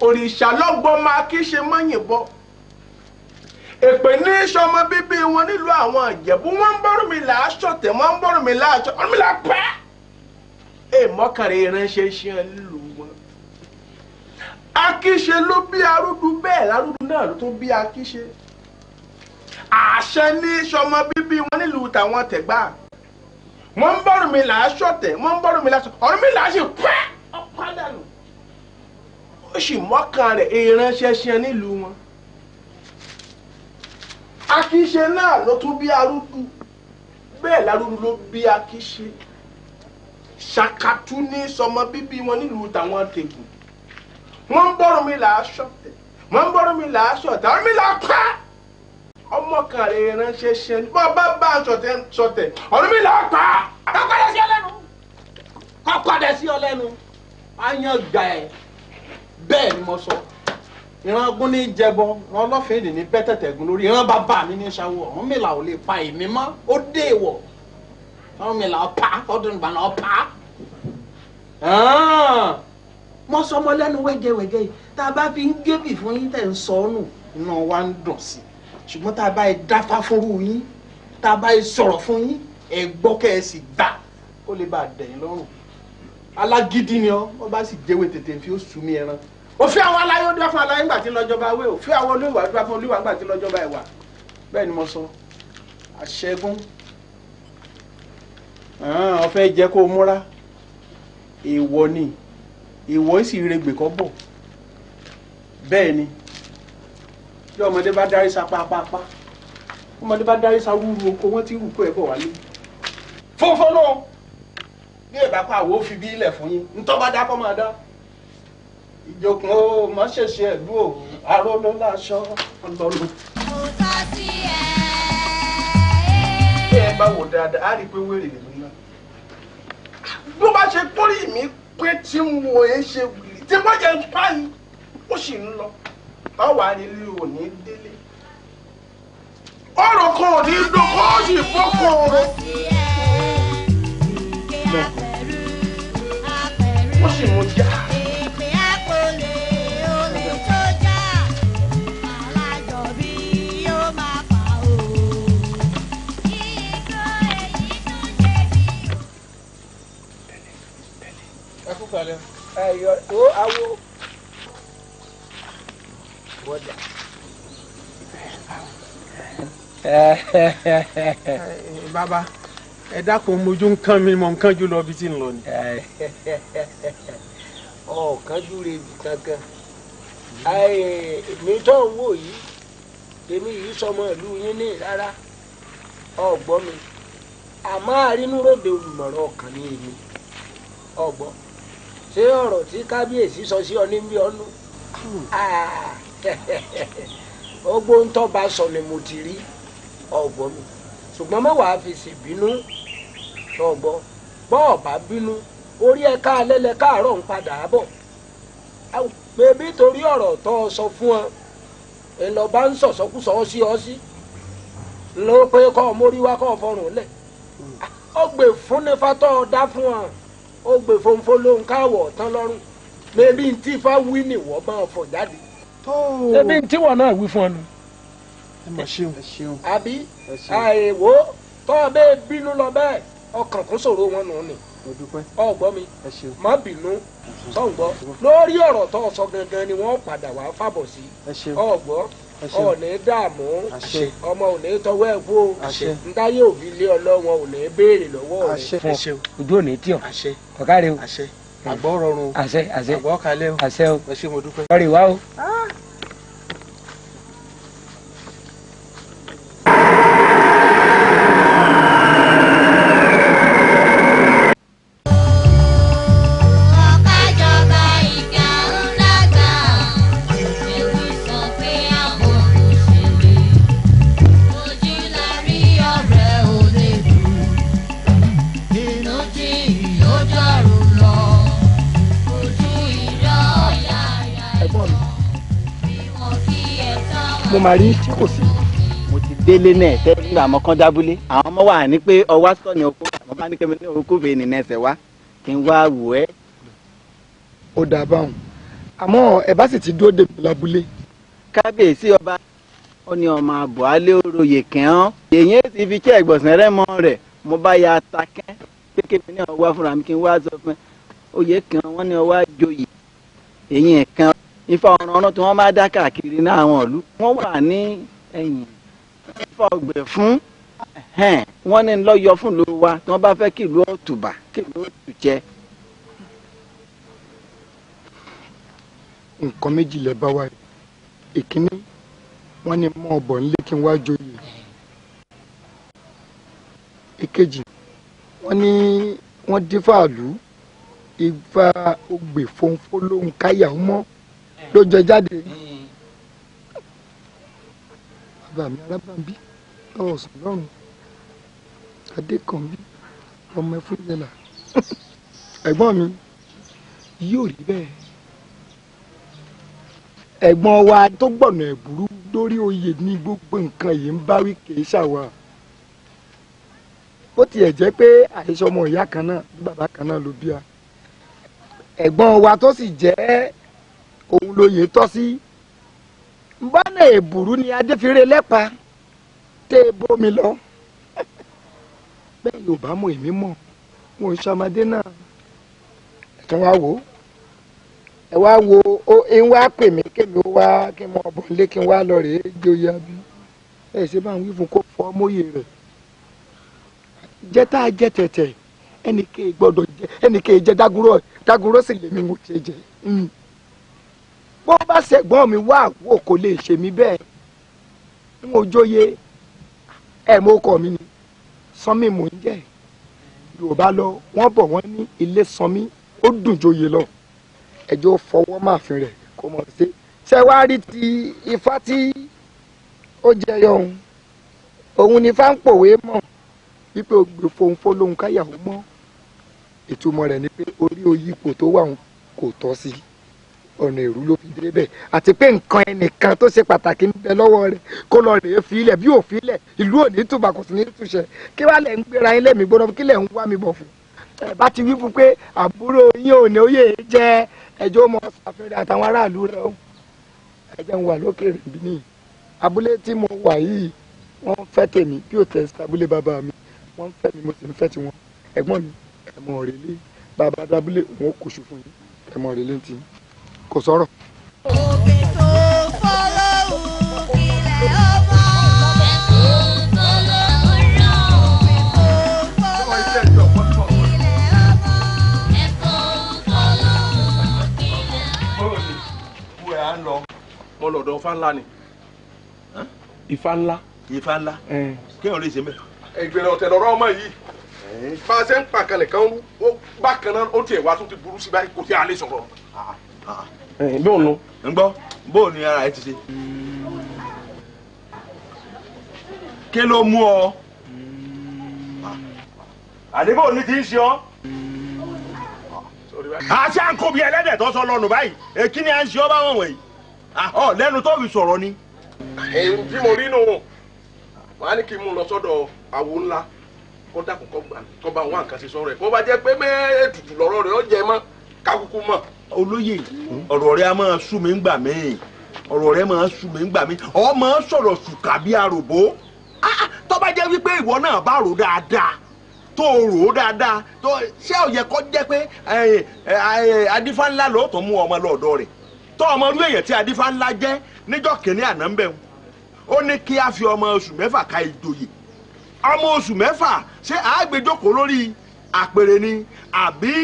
òrìṣà lọ́gbọ́n máa kíṣe mọ́yìnbọn. èpè ní sọmọ bíbí wọn nílùú àwọn ìjẹ̀bú wọn ń bọ́rù mi là á ṣọ̀tẹ̀ wọn ń bọ́rù mi là á ṣọ ọ̀rọ̀ mi là á pẹ́. èèmọ́kàrẹ́ ìránṣẹ́ iṣẹ́ nílùú wọn. akíṣe ló bí arúdú bẹ́ẹ̀ lárúdú náà ló tún bí akíṣe. àṣẹ ní sọmọ bíbí wọn nílùú tàwọn tẹ̀gbá. wọ́n ń bọ́rù mi là á ṣọ̀tẹ̀ ń bọ́rù mi là á mi là á ṣe pẹ́ ọ̀pá dànù. ó sì mọ́kàn rẹ̀ ìránṣẹ́ wọn akíṣe náà ló tún bí arúgbó bẹ́ẹ̀ lárúgbó ló bí akíṣe ṣàkàtú ní sọmọ bíbí wọn nílùú tàwọn tègùn wọn ń bọ́rọ̀ mi là á ṣọ̀tẹ̀ wọn ń bọ́rọ̀ mi là á ṣọ̀tẹ̀ àwọn mi là á pa ọmọ kan rẹ̀ ránṣẹ́ ṣe ni bọ́ọ̀ bá bá a ṣọ̀tẹ̀ ṣọ̀tẹ̀ ọ̀rọ̀ mi là á pa. kọ́kọ́dé sí ọlẹ́nu kọ́kọ́dé sí ọlẹ́nu á yan gbà ẹ́ bẹ́ẹ̀ ni mo sọ. So ìran ogún ní jẹbọ ìran ọlọ́fin èdè ní bẹ́tẹ̀tẹ̀ gun lórí ìran bàbá mi ní ṣàwọ̀ Ọ̀rúnmìlà ò lè pa èmi mọ́ ó dé ìwọ̀ Ọ̀rúnmìlà ọ̀pá ọdún ìbànú pa, mo sọ ọmọ lẹ́nu wẹ́gẹ́wẹ́gẹ́ yìí tá a bá fi ń gébì fún yín tẹ̀ ń sọ ọ́ nù iná wa ń dùn sí i ṣùgbọ́n tá a bá yẹ dáfá fúnrú yín tá a bá yẹ sọ̀rọ̀ fún yín ẹ gbọ́ kẹ́ ẹ sì gbà kó lè bá a dẹ̀yìn lọ́rùn alágídí ni ọ bá sì jẹ́wé tètè fi ó sú mi ẹran òfin àwọn aláyé ó dúró fún aláyé ńgbà tí lọ́jọba wé òfin àwọn olúwa dúró fún olúwa ńgbà tí lọ́jọba ẹ̀wà bẹ́ẹ̀ ni mo sọ àṣẹgún ọ̀fẹ́ jẹ́ kó o múra èèwọ̀ ni èèwọ̀ sì regbè kọ́ bọ̀ bẹ́ẹ̀ ni bí ọmọdé bá darí sa pápápá ọmọdé bá darí sa rúru oko wọ́n ti rúkọ ẹ̀ bọ̀ wálé fúnfún náà bí èèbá pa àwo fi bí ilẹ̀ fún yín ntọ́ bá dá kọ́ máa dá ìjòkùn o má ṣèṣe ẹ̀lú o aró ló láṣọ ọlọ́run. mo sá sí ẹ. bí ẹ bá wò dáadáa á rí i pé wèrè lèmi náà ló bá ṣe pórí mi pé tí n wò é ṣe wìrì tí wọ́n jẹ́ ń pa ni ó sì ń lọ báwa rí i ò ní délé ọ̀rọ̀ kan ò ní dókó ó sì fọ́kọ̀ ọ̀rọ̀. ó sì mú já. sọlẹ̀. ẹyọ tó awo wọdà. (laughs) bàbá ẹ dákun mojú ń mi mọ nǹkan jù lọ bí tí ń lọ ni. ọ̀kan júre bì kankan èmi tó ń wò yìí èmi yìí sọmọ ìlú yín ní rárá ọgbọ́n mi àmọ́ àrínú ròde olùmọ̀ràn ọkàn ní èmi ọgbọ́n ṣé ọ̀rọ̀ tí kábíyèsí sọ sí ọ ní bí ọnu ogbó ń tọ́ba sọ ni mo ti rí ọ̀gbọ́n mi ṣùgbọ́n mẹ́wàá fi sì bínú ṣọ̀gbọ́ bọ́ọ̀ bá bínú orí ẹ̀ka alẹ́lẹ̀ káàárọ̀ ń padà bọ̀ pèbí torí ọ̀rọ̀ tó o sọ fún ọ èlò bá ń sọ̀sọ́kùsọ ọ sí ọ sí ló pé kọ́ ọ mórí wá kọ́ ọ fọrùn lẹ̀ ọgbẹ́ hmm. fúnnifá tó dá fún ọ ó gbé fòǹfò lóhun káwọ̀ tán lọ́rùn mẹ́bí ntí fa wí ni wọ́n bá fọ̀ jáde. ṣebí ntí wọn náà wí fún ọ nu. ẹ mà ṣeun. àbí àìwò tọ́ ọ bẹ́ẹ̀ bínú lọ bẹ́ẹ̀ ọkàn kún ṣòro wọn nù ni. ọgbọ́n mi má bínú sọ̀gbọ́ lórí ọ̀rọ̀ tó sọ gangan ni wọ́n padà wá fàbọ̀ sí ọgbọ́n ọ ní dààmú ọmọ ò ní tọwọ́ ẹ̀ wó ntáyé òbí lé ọlọ́wọ́n ò ní béèrè lọ́wọ́ rẹ̀. ojú ò ní tí ọ ọ̀ká rẹ o àgbọ̀ rọrùn àgbọ̀ kalẹ̀ o ẹ ṣé mo dúpẹ́. ọ̀rẹ́ wa o. Ah! máa rí tí kò sí. mo ti délé náà tẹ́ nígbà àmọ́ kán dábúlé àwọn ọmọ wa ní pé ọwá sọ̀ni oko àmọ́ bá ní kẹ́mi ní orúkọ bèè nìyẹn ẹsẹ̀ wá kí n wá wò ẹ́. ó dà báwọn àmọ́ ẹ bá sì ti dúró dèbò lábúlé. kábíyèsí ọba ó ní ọmọ àbọ̀ alẹ́ òròyè kẹ́hán èyí ti fi kí ẹ̀gbọ̀nsẹ̀ rẹ̀ mọ́ rẹ̀ mo bá ya ta pé kébì náà wá fúnra mi kí n wá sọ fún ẹ òye kan wọ́n ní ọwá joyè èyí ẹ̀kan ifá ọ̀rànràn tí wọ́n máa dá káàkiri ní àwọn ìlú wọ́n wà ní ẹ̀yìn ifá ọgbẹ̀ fún wọ́n ní lọ́yọ̀ fún ló wa tí wọ́n bá fẹ́ kí ìlú ọ̀tùbà kí ọ̀tùjẹ. nǹkan méjì lẹ bá wa ìkíní wọ́n ní mọ ọbọ nílé kí n wá joyè èkejì wọ́n ní wọ́n dífàlú ifá ogbè fọnfọ lóhùn káyà mọ́ ló jẹ jáde hmm. bàbá mi arábàmbí lọ́wọ́ sùn lọ́rùn adékànbí ọmọ ẹfúnjẹlà ẹ̀gbọ́n mi yóò rí bẹ́ẹ̀ ẹ̀gbọ́n wa tó gbọ̀nà ẹ̀bùrú lórí oyè ní gbogbo nǹkan yìí ń bá wí kìí ṣàwà bó tiẹ̀ jẹ́ pé àìsàn ọmọ ìyá kan náà bàbá kan náà ló bí a ẹ̀gbọ́n wa tó sì jẹ́ òun lóye tọ́ sí mbọ́nà èbùrú ni adéfiré lẹ́pa tẹ́ bómi lọ (laughs) bẹ́ẹ̀ yóò bá mọ èmi mọ̀ wọn ò sọmọdé náà wa wò ó ẹ wo ó ń wá pè mí kémi wá kí n mọ kí n wá lọ rèé joyè abí ẹ ṣe bá ń wí fún kó fọ́ mọ́yè rẹ̀ jẹ́ a jẹ́ tẹ̀tẹ̀ ẹnì kéè gbọ́dọ̀ jẹ́ ẹnì kéè jẹ́ bó bá ṣẹ̀gbọ́n mi wá àwò kò lè ṣe mí bẹ́ẹ̀ n ò jóye ẹ̀ mo kọ̀ mi ni sanmi mò ń jẹ́ yorùbá lọ wọ́n bọ̀ wọ́n ní ilé sanmi ó dùn jóye lọ ẹjọ́ fọwọ́ máàfin rẹ̀ kó mọ̀ sí ṣe wá rí ti ifá tí ó jẹyọ òun òun ni ifá ń pòwe mọ̀ wípé ògbè fòǹfò lòun káyàwó mọ́ ìtumọ̀ rẹ̀ ni pé orí oyípo tó wà kò tọ́ sí i ọ̀nà ìrú ló fi débẹ̀ àti pé nǹkan ẹnìkan tó ṣe pàtàkì ń bẹ lọ́wọ́ rẹ̀ kó lọ rèé filẹ̀ bí ò filẹ̀ ìlú òní tùbà kò sí ní túṣẹ kí wàá lẹ̀ ń gbéra ilé mi gbọ́dọ̀ kí lẹ̀ ń wá mi bọ̀ fún. ẹ bá ti wí fún pé àbúrò yín ò ní òye jẹ ẹjọ́ ọmọ ṣàfihàn àtàwọn aráàlú rẹ o ẹjẹ ń wà lókè rìnbí ni abúlé tí mo wà yìí wọ́n fẹ́ tèmi bí ò tẹ̀ abúlé bàbá mi wọ́n fẹ́ mi mo sì ń fẹ́ tiwọn ẹ̀gbọ́n mi ẹ̀mọ̀ òrèlé bàbá dábúlé òun ò kùsù fún yín ẹ̀mọ̀ òrèlé ti yín kò sọ̀rọ̀. òkè ńlá ni. ifá ńlá. ifá ńlá kéèyàn lè ṣe mẹ́. ìgbèrè ọ̀tẹ̀ lọ́rọ́ ọmọ yìí bá a ṣe ń pàkalẹ̀ kan bákan náà ó tiẹ̀ wá tó ti burú sí báyìí kò tí a lè sọ̀rọ̀. Ah, ah. Eh, bóun ń gbọ́ ni ara ẹ ti ṣe. kí ló mú ọ. àdébò ni ti ń ṣe ọ. àṣà ń kó bí ẹlẹ́dẹ̀ tó sọ lọ́nu báyìí èkí ni à ń ṣe ọ báwọn wọ̀nyí. ọ lẹ́nu tó fi sọ̀rọ̀ ni. èyí tí mo rí nù wàá ní kí n mú lọ sọ́dọ̀ àwo ńlá kó dákun kó bá wọn àkàṣe sọ̀rọ̀ ẹ̀ kó bá jẹ́ pé mẹ́ẹ̀ẹ́dùdù rẹ̀ ó olóyè ọ̀rọ̀ rẹ a máa sú mi ńgbà míì ọ̀rọ̀ rẹ máa sú mi ńgbà míì o máa sọ̀rọ̀ sùkà bí aròbó ah, ah, tó bá jẹ́ wípé ìwọ náà bá rò dáadáa tó rò ó dáadáa tó ṣé ó yẹ kó jẹ́ pé adífá ńlá ló tó mú ọmọ lọ́dọ̀ rẹ̀ tó ọmọ orí èèyàn tí adífá ńlá jẹ́ níjọ́ kìnínní àná ń bẹ̀ ó ní kí a fi ọmọ oṣù mẹ́fà ka ìjòyè ọmọ oṣù mẹ́fà ṣé àá lórí àpèrè ni àbí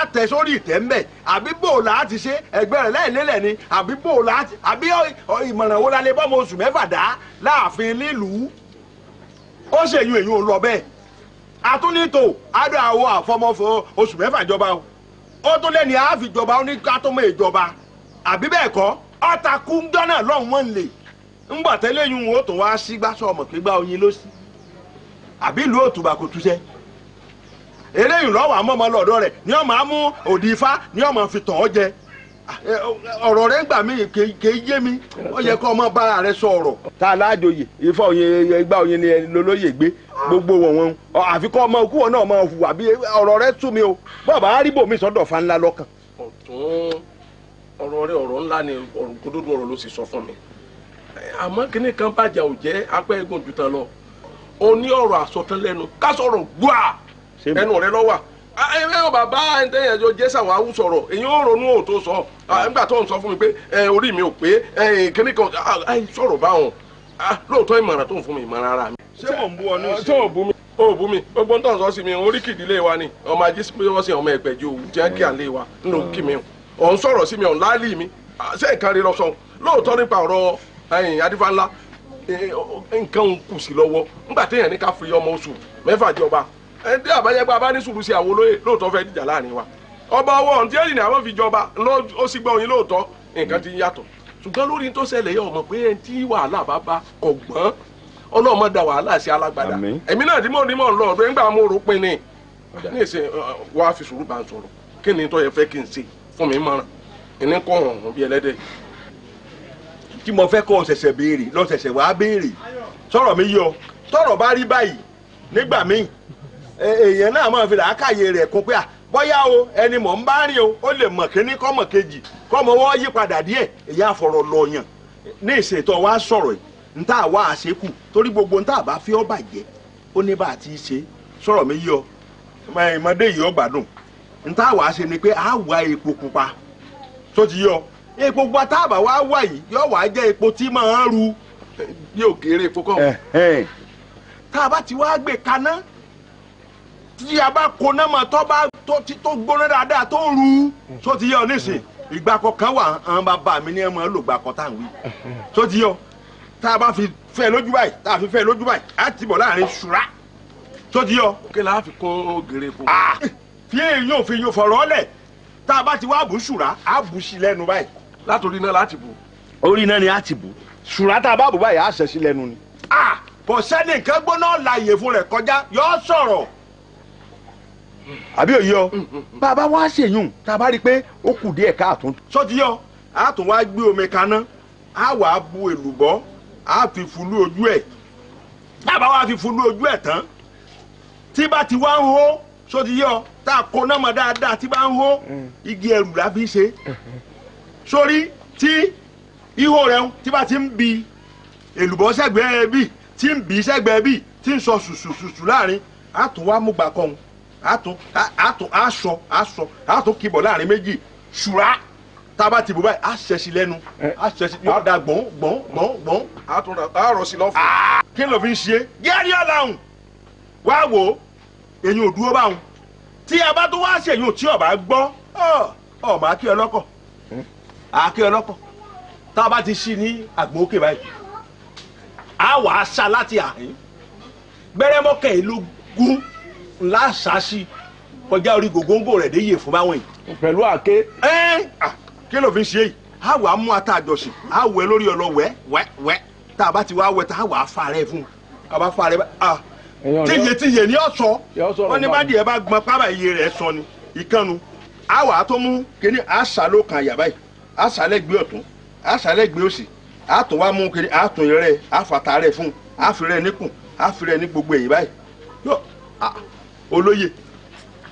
àtẹ̀sórí ìtẹ́ńbẹ̀ àbí bòòlà àti ṣe ẹgbẹ́ rẹ̀ ni àbí bòòlà àti àbí ìmọ̀ràn wo la bọ́ mẹ́fà dá láàfin nílùú ó èyí ò lọ bẹ́ẹ̀ adó àwọ àfọmọfọ oṣù mẹ́fà o ó tún lẹ́ni àáfìjọba ó ní ìjọba àbí bẹ́ẹ̀ kọ́ ọ̀tà lọ́hùn wá sí ọmọ pé gbá oyin ló sí àbí ìlú òtùbà eléyìí lọ́wọ́ àmọ́mọ́ lọ́dọ̀ rẹ̀ ni ọmọ amú òdì ifá ni ọmọ fi tàn ọ́ jẹ ah, eh, ọ̀rọ̀ rẹ̀ ń gbà mí kì í yé mi ó yẹ kó ọmọ bára rẹ sọ ọ̀rọ̀. tá a láàjòyè ifá igba òye ni gbé gbogbo wọn wọn àfi ọmọ òkú wọn náà máa hùwà bí ọ̀rọ̀ rẹ̀ o arígbò mi sọ́dọ̀ fa ńlá lọ́kàn. ọ̀tún ọ̀rọ̀ rẹ̀ ọ̀rọ̀ ni ọ̀rọ̀ ló sọ fún mi àmọ́ ẹnu rẹ lọ wà ẹ bàbá ẹ̀ńtẹ́yìn ẹ̀jọ jésà wà á sọ̀rọ̀ èyí ó ronú ò tó sọ ah. nígbà tó ń sọ fún mi pé orí mi ò pé kíní kan sọrọ báwọn lóòótọ́ ìmọ̀ràn tó ń fún mi ìmọ̀ràn ara mi. ṣé mò ń bú ọ ní ah, ìṣe. bú mi ó bú mi gbogbo tó sọ sí mi wa ni ọmọ ajé sí pé wọ́n kí mi ò ń sọ̀rọ̀ sí mi mi ṣé nǹkan rí lọ sọ ẹni tí àbájẹgbà bá ní sùúrù sí àwọn olóyè lóòótọ́ fẹ́ dìjà láàrin wa ọba ọwọ́ ọ̀hún tí ẹ̀yìn ni àwọn fi jọba ó sì gbọ́ yín lóòótọ́ nǹkan ti ń yàtọ̀ ṣùgbọ́n lórí tó ṣẹlẹ̀ yẹ ọmọ pé ẹni tí wàhálà bá bá kò gbọ́n ọlọ́mọ da wàhálà sí alágbádá èmi náà dímọ̀ dímọ̀ ń lọ ọ̀dọ̀ nígbà mo rò pin ni ní ìsìn wàá fi sùúrù bá ń sọ̀rọ̀ kí ni tó yẹ fẹ́ kí n ṣe fún mi mọ́ràn ìní kọ́ ọ̀hún bí ẹlẹ́dẹ̀. tí mo fẹ́ kọ́ ọ̀sẹ̀sẹ̀ béèrè lọ́sẹ̀sẹ̀ wàá béèrè sọ̀rọ̀ mi yọ èèyàn náà máa fi làákàyè rẹ̀ kún pé bóyá o ẹni mọ̀ ń bá rìn o ó lè mọ̀ kíní kọ́ mọ̀ kejì kọ́ mọ̀ wọ́n yí padà díẹ̀ èyí àfọ̀rọ̀ lọ́yàn ní ìṣètò wa sọ̀rọ̀ yìí ntá wa àṣekù torí gbogbo ntá bá fi ọ́ bàjẹ́ ó ní bá a ti ṣe sọ̀rọ̀ mi yọ ìmọ̀dé yìí ọgbà dùn ntá wa ṣe ni pé a wá epo pupa tó ti yọ epo pupa tá a bá wá wá yìí yọ wá jẹ́ epo tí máa ń ru yóò kéré epo kọ́ tá a bá ti wá gbé kaná tí a bá koná mọ tó bá tó gbóná dáadáa tó ń ru só ti yẹ ọ nísìn ìgbà kọkàn wà àwọn bàbá mi ní ẹ máa kan tá à ń wí só ti yẹ tá a bá fi fẹ́ lójú báyìí tá a fi fẹ́ lójú báyìí á ti bọ̀ láàrin ṣùrà só ti yẹ ọ. kí la fi kó gèrè kù. fi èèyàn òfin yóò fọ̀rọ̀ ọ́lẹ̀ tá a bá ti wá bù ṣùrà á bù sí lẹ́nu báyìí. látòrí náà láti bù. orí náà ni á ti bù ṣùrà tá a bá bù báyìí á ṣẹ̀ sí lẹ́nu ni. bọ̀sẹ́nì kan gbóná láàyè fún rẹ̀ kọjá yọ sọ̀rọ̀ àbí òye ọ mm, mm, mm. bá wa bá wá ṣèyún tá a bá rí i pé ó kù díẹ̀ káàtún. sọ́ọ̀tì yọ a tún wá gbé omi kaná a wà á bu èlùbọ́ a fi fúlú ojú ẹ̀ tá a bá wá fi fúlú ojú ẹ̀ tán tí bá ti wá ń hó sọ́ọ̀tì yọ tá a kó náà mọ̀ dáadáa tí bá ń hó igi ẹrù la fi ṣe sórí tí ihò rẹ̀ tí bá ti ń bi èlùbọ́ sẹ́gbẹ̀ẹ́ bí tí ń bì í sẹ́gbẹ̀ẹ́ bí tí ń sọ sùsùsùsù láàrin a tún wá mú gbà kọ́hún àtún àtún aṣọ aṣọ àtún kìbọ̀ láàrin méjì ṣùrà tába ti bù báyìí àṣẹṣi lẹ́nu àṣẹṣi yóò da gbọ̀n gbọ̀n gbọ̀n gbọ̀n. àtún àárọ̀ sí lọ́fọ̀. Ah! kí ló fi ń ṣe yẹ́rì ọ̀làhùn wá wò ó èyí ò dúró báwọn tí a bá tó wá ṣèyí ò tí ọ̀bá gbọ́ ọ̀mọ̀ akí ọlọ́kọ̀ akí ọlọ́kọ̀ tá a bá ti ṣí ní àgbọ̀n báyìí a wàá láti àhín gbẹrẹmọkẹ ìlú gún ńlá sàásì kọjá orí gògóńgò rẹ̀ déyè fún báwọn yìí. pẹ̀lú àké. ẹ kí ló fi ń ṣe yìí a wà á mú ata àjọsìn a wẹ lórí ọlọ wẹ wẹ wẹ tá a bá ti wá wẹ tá a wà á fa rẹ fún a bá fa rẹ a tíye tíye ni ọsọ wọn ní bá díẹ̀ bá gbọn pábà iye rẹ̀ sọ ni ìkànnù a wà á tó mú kíní a sà ló kan yàrá yìí a sà lẹ́gbẹ̀ẹ́ ọ̀tún a sà lẹ́gbẹ̀ẹ́ òsì a tún wá mú kíní a tún yẹrẹ a fàtà rẹ fún a fi rẹ níkùn a rẹ ní gbogbo èyí báyìí olóyè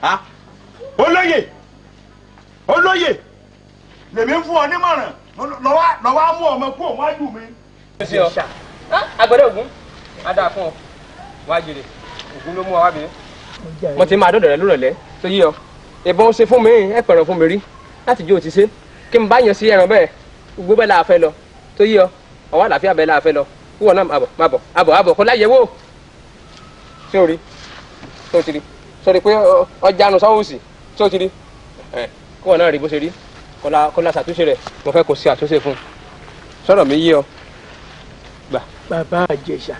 ah olóyè olóyè lèmi fún ọ nímọ̀ràn lọ́wọ́ mú ọmọ kú òun wájú mi. agbẹ̀dẹ ògún adá fún ọ wájú rẹ ògún ló mú ọ wábìrì. mo ti máa dọ̀dọ̀ rẹ lórọ̀lẹ́ tó yí ọ ìbọn ó ṣe fún mi ẹ pẹ̀rọ fún mi rí láti jó ti ṣe kí n bá yàn sí ẹran bẹ́ẹ̀ gbogbo bẹ́ẹ̀ la fẹ́ lọ tó yí ọ ọwọ́ àlàáfíà bẹ́ẹ̀ la fẹ́ lọ kúwọ̀ náà má bọ̀ má bọ̀ àbọ̀ àbọ̀ kó láyẹ̀wò sórí sotiri sori pé uh, ọjà nu sáwùsì sotiri ẹ kó wọn náà rí bó ṣe rí kọlá kọlá ṣàtúnṣe rẹ mo fẹ́ kó ṣe àtúnṣe fún un sọ̀rọ̀ mi yé ọ gbà. bàbá àjẹsà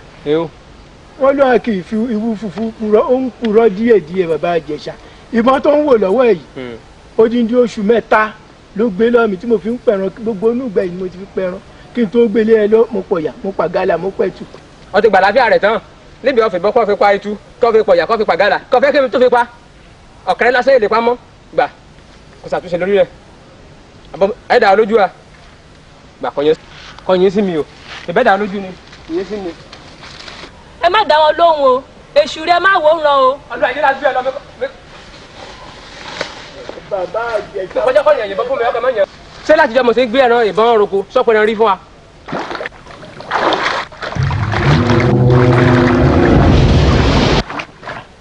wọn lọ́wọ́ kì í fi irú funfun purọ́ ó ń purọ́ díẹ̀díẹ̀ bàbá àjẹsà ìbọn tó ń wò lọ́wọ́ yìí hmm. odindi oṣù mẹ́ta ló gbé lọ́mí tí mo fi ń pẹ̀ràn gbogbo onúgbà yìí ni mo ti fi pẹ̀ràn kí n tó gbélé ẹ lọ mo pọ̀yà mo pàgálà mo pẹ̀tù. ó ti gbàlàfíà rẹ̀ tán níbi ọ̀fẹ́ bọ́ kọ́ fi pa itu kọ́ fi pọ̀yà kọ́ fi pa gàdà kọ́ fẹ́ kébi tó fi pa ọ̀kẹ́rẹ́ lásán èlé pamọ́ gbà kò ṣàtúnṣe lórí rẹ̀ àbọ̀ ẹ̀ dà lójú wa gbà kọ̀yìn sí mi o ìbẹ́ dà lójú ni kọ̀yìn sí mi. ẹ má dá wọn lóhùn o èṣù rẹ má wò ó ràn o. ọdún àyè la gbé ẹ lọ mi. bàbá àjẹsà. kọjá kọ́ ni ẹ̀yìn bọ́ fún mi ọkọ̀ mọ́ yẹn. ṣé láti jọ mo ti gbé ẹran ìbọn roko sọ́kùnrin rí fún wa.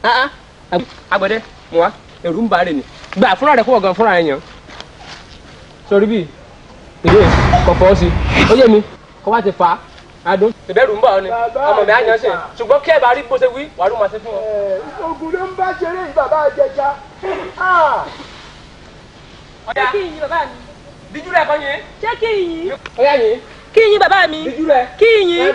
Ah, ah. agbẹ̀dẹ mo wá ẹ̀rù ń bá rẹ̀ ni gbà fúnra rẹ̀ kó ọ̀gàn fúnra rẹ̀ yàn sọrí bíi ìdè kọ̀ọ̀kọ̀ sí ó yé mi kó wá ti fà á adó. ìbẹ̀rù ń bọ̀ ọ́ ni ọmọ mi á yan ṣe ṣùgbọ́n kí ẹ bá rí bó ṣe wí wàá rú màá ṣe fún ọ. ogun ló ń bá ṣeré yìí bàbá àjẹjà. ọ̀dà kí n yin bàbá mi. díjú rẹ̀ kọ́ yín. ṣé kí n yin. ọ̀yá yín. kí n yin bàbá mi. díjú rẹ̀. kí n yin.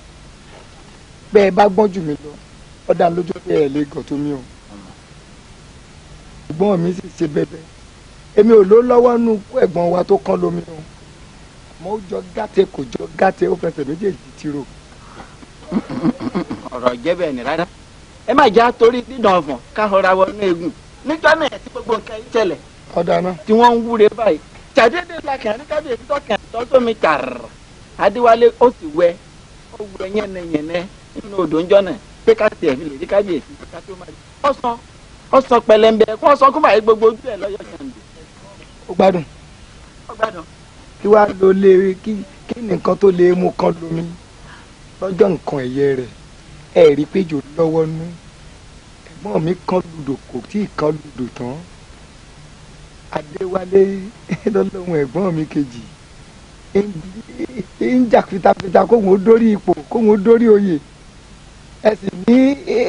bẹ́ẹ̀ bá gbọ́n jù mí lọ ọ̀dà lójú pé ẹ̀ lè gàn tó mí o ẹ̀gbọ́n mi sì ṣe bẹ́ẹ̀ èmi ò ló lọ́wọ́ nú ẹ̀gbọ́n wa tó kán lómi o àmọ́ ó jọ gàtẹ kò jọ gàtẹ ó fẹsẹ̀ méjèèjì ti rò. ọ̀rọ̀ jẹ́ bẹ́ẹ̀ ni rárá ẹ má já torí dídán ọ̀fọ̀n ká ọ̀ra wọnú eegun níjọ́ náà tí gbogbo nǹkan yìí tẹ̀lẹ̀ ọ̀dàná tí wọ́n ń wúre báyìí tàdédé la kẹrin kábíyèsí tó kẹrin tó tó mi kàrà adéwálé ó sì wẹ ó nínú odò ń jọ́nà pé ká tiẹ̀ fi lè rí kábíyèsí ká tó máa rí ọ̀sán ọ̀sán pẹlẹmbẹ kó ọ̀sán kó báyìí gbogbo ojú ẹ̀ lọ́yọ̀ ṣàǹdè. ó gbádùn. ó gbádùn. kí wàá lo lè rí kí kí nìkan tó lè mú kan lómi lọ́jọ́ nǹkan ẹ̀yẹ rẹ̀ ẹ̀ rí péjò lọ́wọ́ nú ẹ̀gbọ́n mi kan lùdò kò tí ì kan lùdò tán adéwálé (laughs) lọ́lọ́hun ẹ̀gbọ́n mi kejì ń jà fitafita kóhun ó dórí ipò kóhun ó dórí oyè ẹ sì ní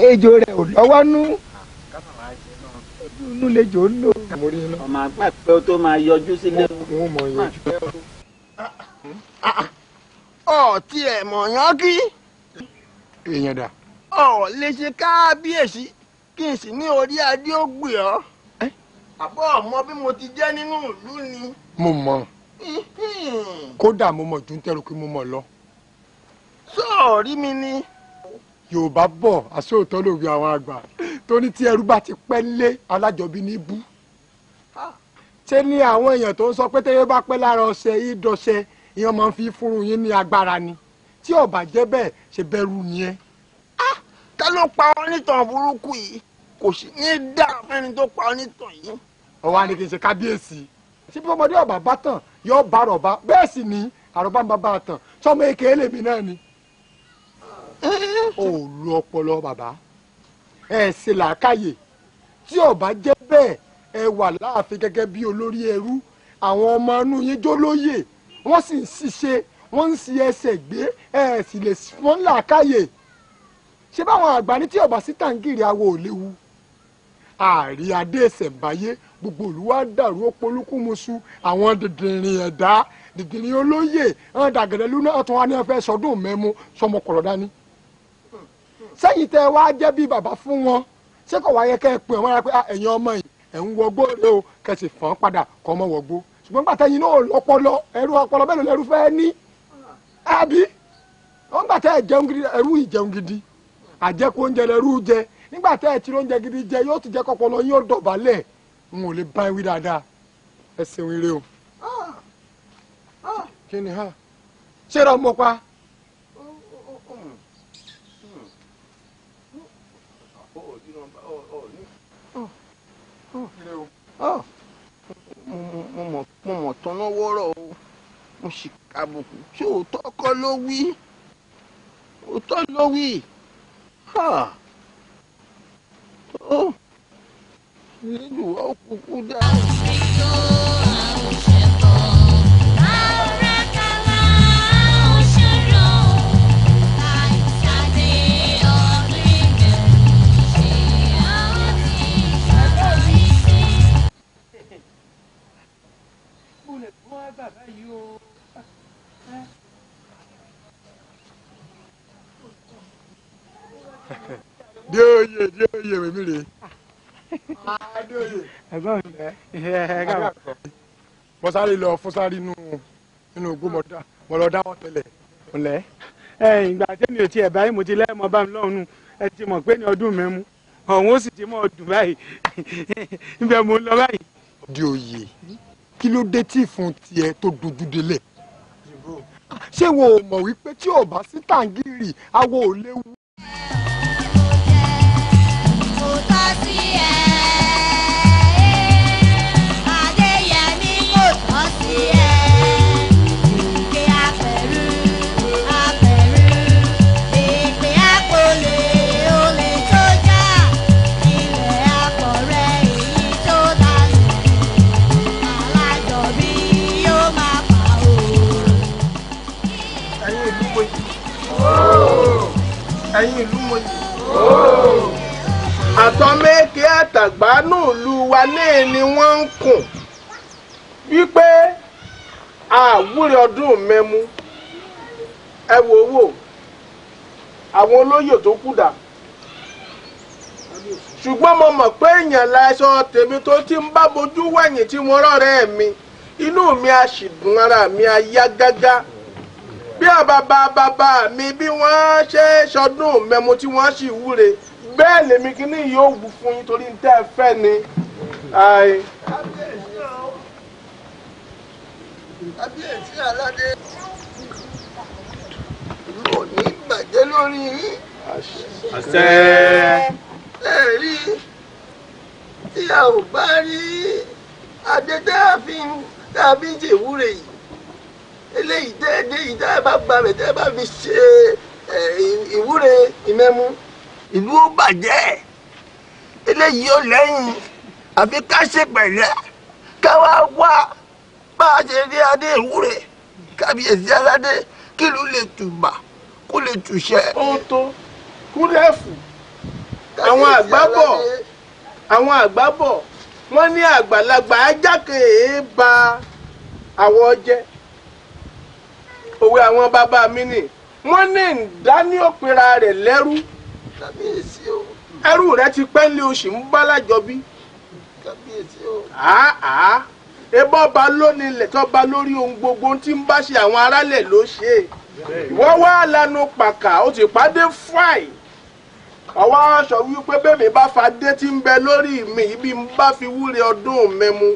ejò rẹ̀ ò lọ́wọ́ nú inú lejò ń lò. ọmọ àgbà pé ó tó máa yọjú sílẹ̀. mo mọ yọjú. ọ tiẹ̀ mọ̀ yán kí. èèyàn dà. ọ lè ṣe kábíyèsí kí n sì ní orí adé ó gbé ọ. àbọ̀ mọ bí mo ti jẹ́ nínú ìlú ni. mo mọ kódà mo mọ ju ń tẹrù kí mo mọ lọ. sọ̀rí mi ni yorùbá bọ̀ àsóòótọ́ lórí àwọn àgbà tó ní tí ẹrú bá ti pẹ́ lé alájọbí ní bú ṣé ní àwọn èèyàn tó ń sọ pé tẹ́yẹ bá pẹ́ lára ọṣẹ ìdọ̀ṣẹ ìyẹn máa ń fi fúnrun yín ní agbára ni tí ó bá jẹ́ bẹ́ẹ̀ ṣe bẹ̀rù nìyẹn. ta ló pa onítàn burúkú yìí kò sí ní dá fẹ́ni tó pa onítàn yìí. ọwọ́ àni kì í ṣe kábíyèsí tí bọ́mọdé ọ̀bà bá tàn yóò bá àrọ̀bá bẹ́ẹ̀ sì ni àrọ̀bá ń bá bá èké lèmi náà ni ò lu ọpọlọ bàbá ẹ ṣe làákàyè tí ó bá jẹ́ bẹ́ẹ̀ ẹ wà láàfin gẹ́gẹ́ bí olórí ẹrú àwọn ọmọ inú yín jólóyè wọ́n sì ń ṣiṣẹ́ wọ́n ń ṣe ẹsẹ̀ gbé ẹ sì lè wọ́n làákàyè ṣé báwọn àgbà ní tí ó sí tàǹgìrì awo ò léwu ààrí adé ìṣẹ̀ǹbáyé gbogbo olúwa dàrú opolúkúmuṣu àwọn dìndìnrín ẹ̀dá dìndìnrín olóyè àwọn dàgẹ̀dẹ̀ lúná ọ̀tún wa ni wọ́n fẹ́ sọdún mẹ́mu sọmọkọ̀rọ̀ dání. Seyi tẹ́ wá jebi bí bàbá fún wọn ṣé kò wáyé kẹ́ ẹ pè wọ́n pé ẹ̀yin ọmọ yìí ń wọgbó rẹ o kẹ́ ẹ padà wọgbó ṣùgbọ́n gbàtà yìí náà ọpọlọ ẹrú ọpọlọ bẹ́ẹ̀ ló ní àbí gidi ẹrú ìjẹun gidi àjẹkù oúnjẹ lẹ́rú jẹ nígbàtà ẹ̀ oúnjẹ gidi jẹ yóò ti yóò n ò Ah, mo mọ̀ tọ́nà wọ́rọ̀ o mo sì kàbùkù ṣé òótọ́ kọ́ ló wí òótọ́ ló wí tó lẹ́dùn ọkùnkùn dáa. wá gbà báyìí o. di oyè di oyè wèmí rè. ẹ̀gbọ́n mi ẹ ká wà. mo sáré lọ fún sáré inú inú ogun mo lọ dáwọ́ tẹ́lẹ̀. ọ̀lẹ́ ẹ ìgbà tẹ́mi ò tiẹ̀ báyìí mo ti lẹ́ẹ̀mọ́ bá mi lọ́rùn ẹ ti mọ̀ pé ní ọdún mi mú ọ̀hún ó sì ti mọ̀ ọdún báyìí (laughs) níbẹ̀ mo ń lọ báyìí. di oyè kí ló dé tí ìfun tiẹ̀ tó dojú délẹ̀ ṣé wo ò mọ̀ wípé tí ò bá sí tàǹgìrì awo ò léwu. àgbàlagbà nùlù wa náà ni wọ́n ń kùn wípé àwúrẹ́ ọdún mẹ́mu ẹ wò wò àwọn olóyè tó kù dà ṣùgbọ́n mo mọ̀ pé èèyàn láṣọ tèmi tó ti ń bá bojú wẹ̀yìn tí mo rọ́ọ̀rẹ́ mi inú mi á sì dùn ara mi á yá gágá bí àbàbà bàbá mi bí wọ́n ṣe ṣọdún mẹ́mu tí wọ́n sì wúre bẹ́ẹ̀ lèmi kíní yóò wù fún yín torí tẹ́ ẹ fẹ́ ni. kábíyèsí aládé ló ní bàjẹ́ lórí yín. àṣẹ. ẹ rí tí a ò bá rí adé tá a fi ń ṣèwúre yìí eléyìí tẹ́ ẹ dé yìí tá a bá gbàgbé tẹ́ ẹ bá fi ṣe ìwúre ìmẹ́mú ìlú ó bàjẹ́ eléyìí ó lẹ́yìn àfi ká ṣe pẹ̀lẹ́ ká wá wá bá a ṣe rí adé ìwúre kábíyèsí aládé kí ìlú lè tùbà kó lè tùṣẹ. ohun tó kúrẹ́fù àwọn àgbà àwọn àgbà wọ́n ní àgbàlagbà ajáke èé ba àwọ̀ jẹ́ òwe àwọn bàbá mi nì wọ́n ní ìdání rẹ̀ lẹ́rú kábíyèsí o. ẹrú rẹ ti pẹ́ lé oṣù ń bá lájọbí. kábíyèsí o. àá ebọ́ ọba lónìí ilẹ̀ tọ́ba lórí ohun gbogbo tí ń bá ṣe àwọn aráàlẹ̀ ló ṣe é wọ́n wá lanu pàkà ó ti pàdé fáì ọwọ́ aṣọ wípé bẹ́ẹ̀mí bá fadé tí ń bẹ lórí mi ibi ń bá fi wúre ọdún mẹ́mu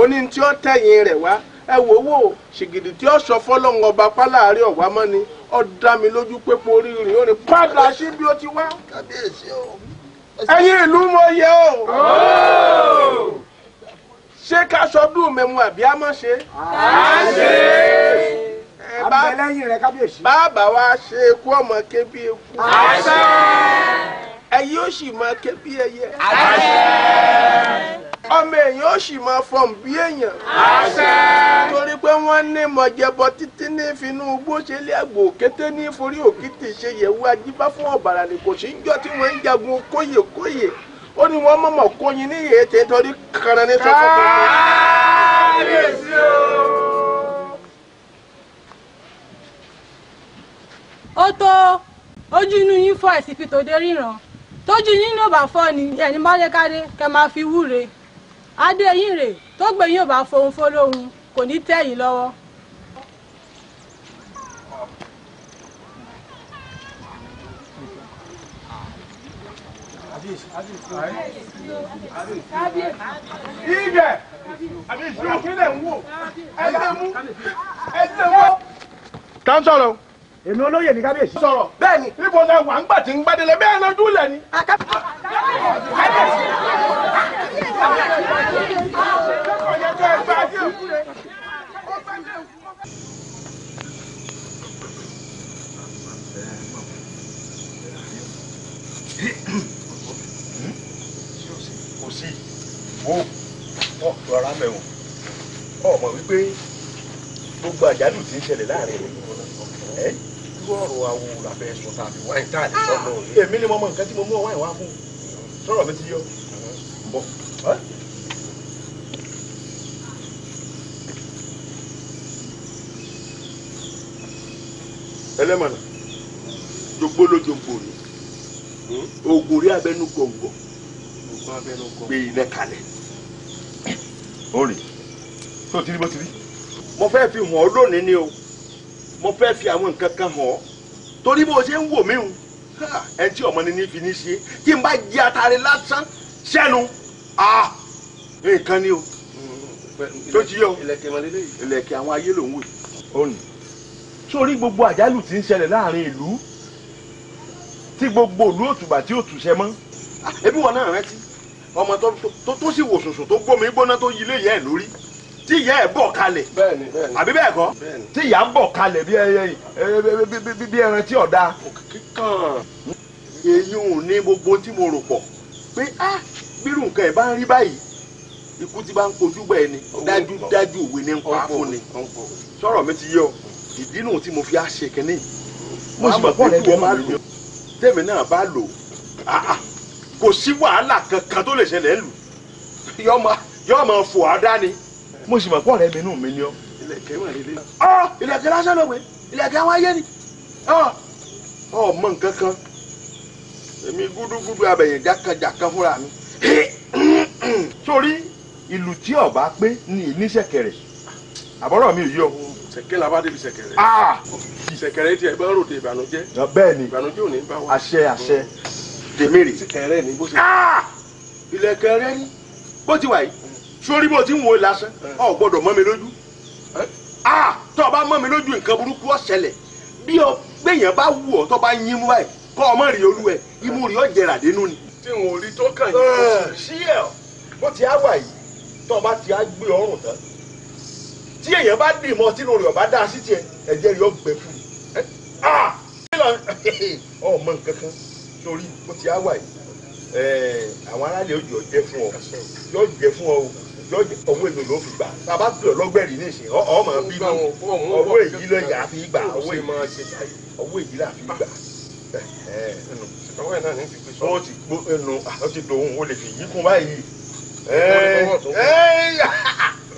oní tí ó tẹ̀yìn rẹ̀ wá ẹ wò wò ṣìgìdì tí ó sọ fọlọ́ngọba pálá àárẹ̀ ọ̀wá mọ́ni ó dá mi lójú pé porí rè ó lè padà sí bí ó ti wá. ẹ̀yin ìlú mo yẹ o. ṣé ká sọdún mẹ́mu àbí a máa ṣe. a ṣe. abẹ́lẹ́yìn rẹ̀ kábíyèsí. bàbá wa ṣe ikú ọmọ kébí eku. a ṣe. ẹ̀yin ó sì máa kébí ẹyẹ. a ṣe. ọmọ èèyàn ó sì máa bí èèyàn. àṣẹ. torí pé wọ́n ní mọ̀jẹ̀bọ títí ní finú ṣe lé àgbò kété ní forí òkìtì ṣe yẹ̀wò ajíbá fún ọ̀bàrà ni kò sí tí wọ́n ń jagun kóyèkóyè ó ní wọ́n mọ̀mọ́ kóyin ní torí ní ó tó ojú inú yín fọ́ ẹ̀sìn fi tòde ríran tójú yín ló bá fọ́ ni ẹ̀yin bá lè fi wúre. adéyìnrè tó gbé yín ò bá fohùn fọlọ́hún kò ní tẹ́ yín lọ́wọ́. ibẹ̀ àbí ìṣòro kílẹ̀ ń wò ẹ jẹ́ mú ẹ jẹ́ mú. tá ń sọ̀rọ̀ èmi olóyè ní kábíyèsí. sọ̀rọ̀ bẹ́ẹ̀ ni níbo la wà ńgbà tí ń gbadẹlẹ bẹ́ẹ̀ náà dúró ni. gbogbo àjálù ti ń ṣẹlẹ̀ láàrin ẹ̀ irú ọ̀rọ̀ awo làbẹ́ sọ tá a fi wáyé tá a lè sọ lọ. èmi ni mo mọ nǹkan tí mo mú ọ wáyé wá fún sọ̀rọ̀ mi ti yọ. bọ̀ ẹ́. ẹlẹ́mọ̀nà jogbo lójogbo ni oògùn hmm? rí abẹnú gọ̀ǹgọ̀ gbé iná kalẹ̀ ó rè tó ti rí bó ti rí. mo fẹ́ fi hàn ọ́ lónìí ni o mo fẹ́ fi àwọn nǹkan kan hàn ọ́ torí bó o ṣe ń wò mí o ẹni tí ọmọ ni ní fi ní ṣe tí n bá jí atare lásán sẹ́nu nǹkan ni o tó jí ọ ìlẹ̀kẹ̀ àwọn ayé ló ń wò òní sórí gbogbo àjálù tí ń ṣẹlẹ̀ láàrin ìlú tí gbogbo ìlú òtùbà tí ò túṣẹ mọ́ ẹbí ah, wọn náà rántí ọmọ tó sì wò sòsò tó gbómi gbóná tó yí ilé yẹn lórí tí ìyá ẹ̀ bọ̀ kalẹ̀ àbí bẹ́ẹ̀ kọ́ tí ìyá ń bọ̀ kalẹ̀ bí ẹran tí ọ̀dà. èyí ò ní gbogbo tí mo rò pọ̀ pé bírù nǹkan ẹ̀ bá ń rí báyìí ikú tí bá ń kojú bẹ́ẹ̀ ni dájúdájú òwe ní ń pa fún ni sọ̀rọ̀ mi ti yọ ìdínú tí mo fi á ṣe kínní mo sì mọ̀ pé ìwọ máa lò tèmi náà bá lò kò sí wàhálà kankan tó lè ṣẹlẹ̀ lù yọ́ọ́ máa fò á dání mo sì mọ̀ pọ̀ rẹ̀ mi nù mí ni ọ́. ilẹ̀kẹ̀ wà nílé. ọ ilẹ̀kẹ̀ lásán ló wẹ̀ ilẹ̀kẹ̀ àwọn ayé ni ọ mọ nǹkan kan èmi gúdúgúdú abẹ̀yìn jákàjákàn fúnra mi. sórí ìlú tí ọba pé ni ìníṣẹ̀kẹ̀rẹ̀ àbọ̀rọ̀ mi yọ sẹ̀kẹ̀rẹ̀ la bá débi sẹ̀kẹ̀rẹ̀. sẹ̀kẹ̀rẹ̀ tiẹ̀ bá ròde ìbànújẹ́. bẹ́ẹ̀ ni ìbànújẹ́ ò ní bá wa. àṣẹ àṣẹ. tèmi rè. sẹ̀kẹ̀rẹ̀ ni bó ṣe. ilẹ̀kẹ̀rẹ̀ ni bó ti wà yìí sórí bó ti ń wo lásán ọ gbọ́dọ̀ mọ́ mi lójú ah tó o bá mọ́ mi lójú nǹkan burúkú ó ṣẹlẹ̀ bí o gbẹ̀yàn bá wù ọ́ tó bá yín mú báyìí kọ́ ọmọ rí olú ẹ̀ imú rí ó jẹrà dénú ni. tí n ò rí tó kàn yín sí ẹ bó ti á wà yìí tó bá ti á gbé ọrùn tán tí èèyàn bá dì mọ́ tínú rẹ̀ ọ̀bá dá sí tiẹ̀ ẹ̀jẹ̀ rẹ̀ ó gbẹ fún mi ah ọmọ nǹkan kan lórí bó ti á wà yìí àwọn aráàlú yóò jẹ fún ọ yóò jẹ fún ọ o jọ́ọ̀jì ọwọ́ èlò ló fi gbà tàbá pè ọ́ lọ́gbẹ̀rì ní ìsìn ọmọ bínú ọwọ́ èyí ló yà á fi gbà ọwọ́ èyí ọwọ́ èyí là fi gbà. ó ti gbó ẹnu ó ti dòun ó lè fi yí kún báyìí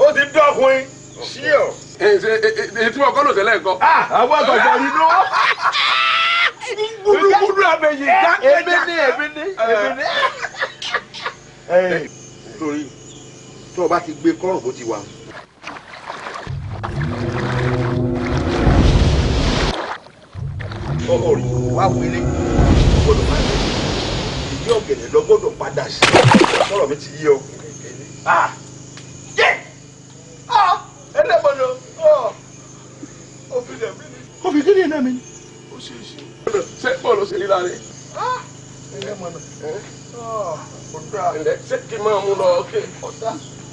ó ti dọ́kun sí ọ. èyí tí wọn kọ́ ló tẹ́lẹ̀ nǹkan. àwọn àgbàgbà yìí ló gbúdúgbúdú àbẹ̀yìn dákẹ́ ní ẹ̀mí ní ẹ̀mí ní tó o bá ti gbé kọ́rùn bó ti wà. ọkọ rẹ wá wọlé gbọ́dọ̀ máa lọ ìdí ọ̀gẹ̀dẹ̀ lọ gbọ́dọ̀ padà sí sọ̀rọ̀ mi ti yí ọ. ẹlẹ́gbọ̀nà òfin ẹ̀mí ni. òfin kí ni iná mi ni. ó ṣe é ṣe ṣe bọ́ọ̀lù ṣe líla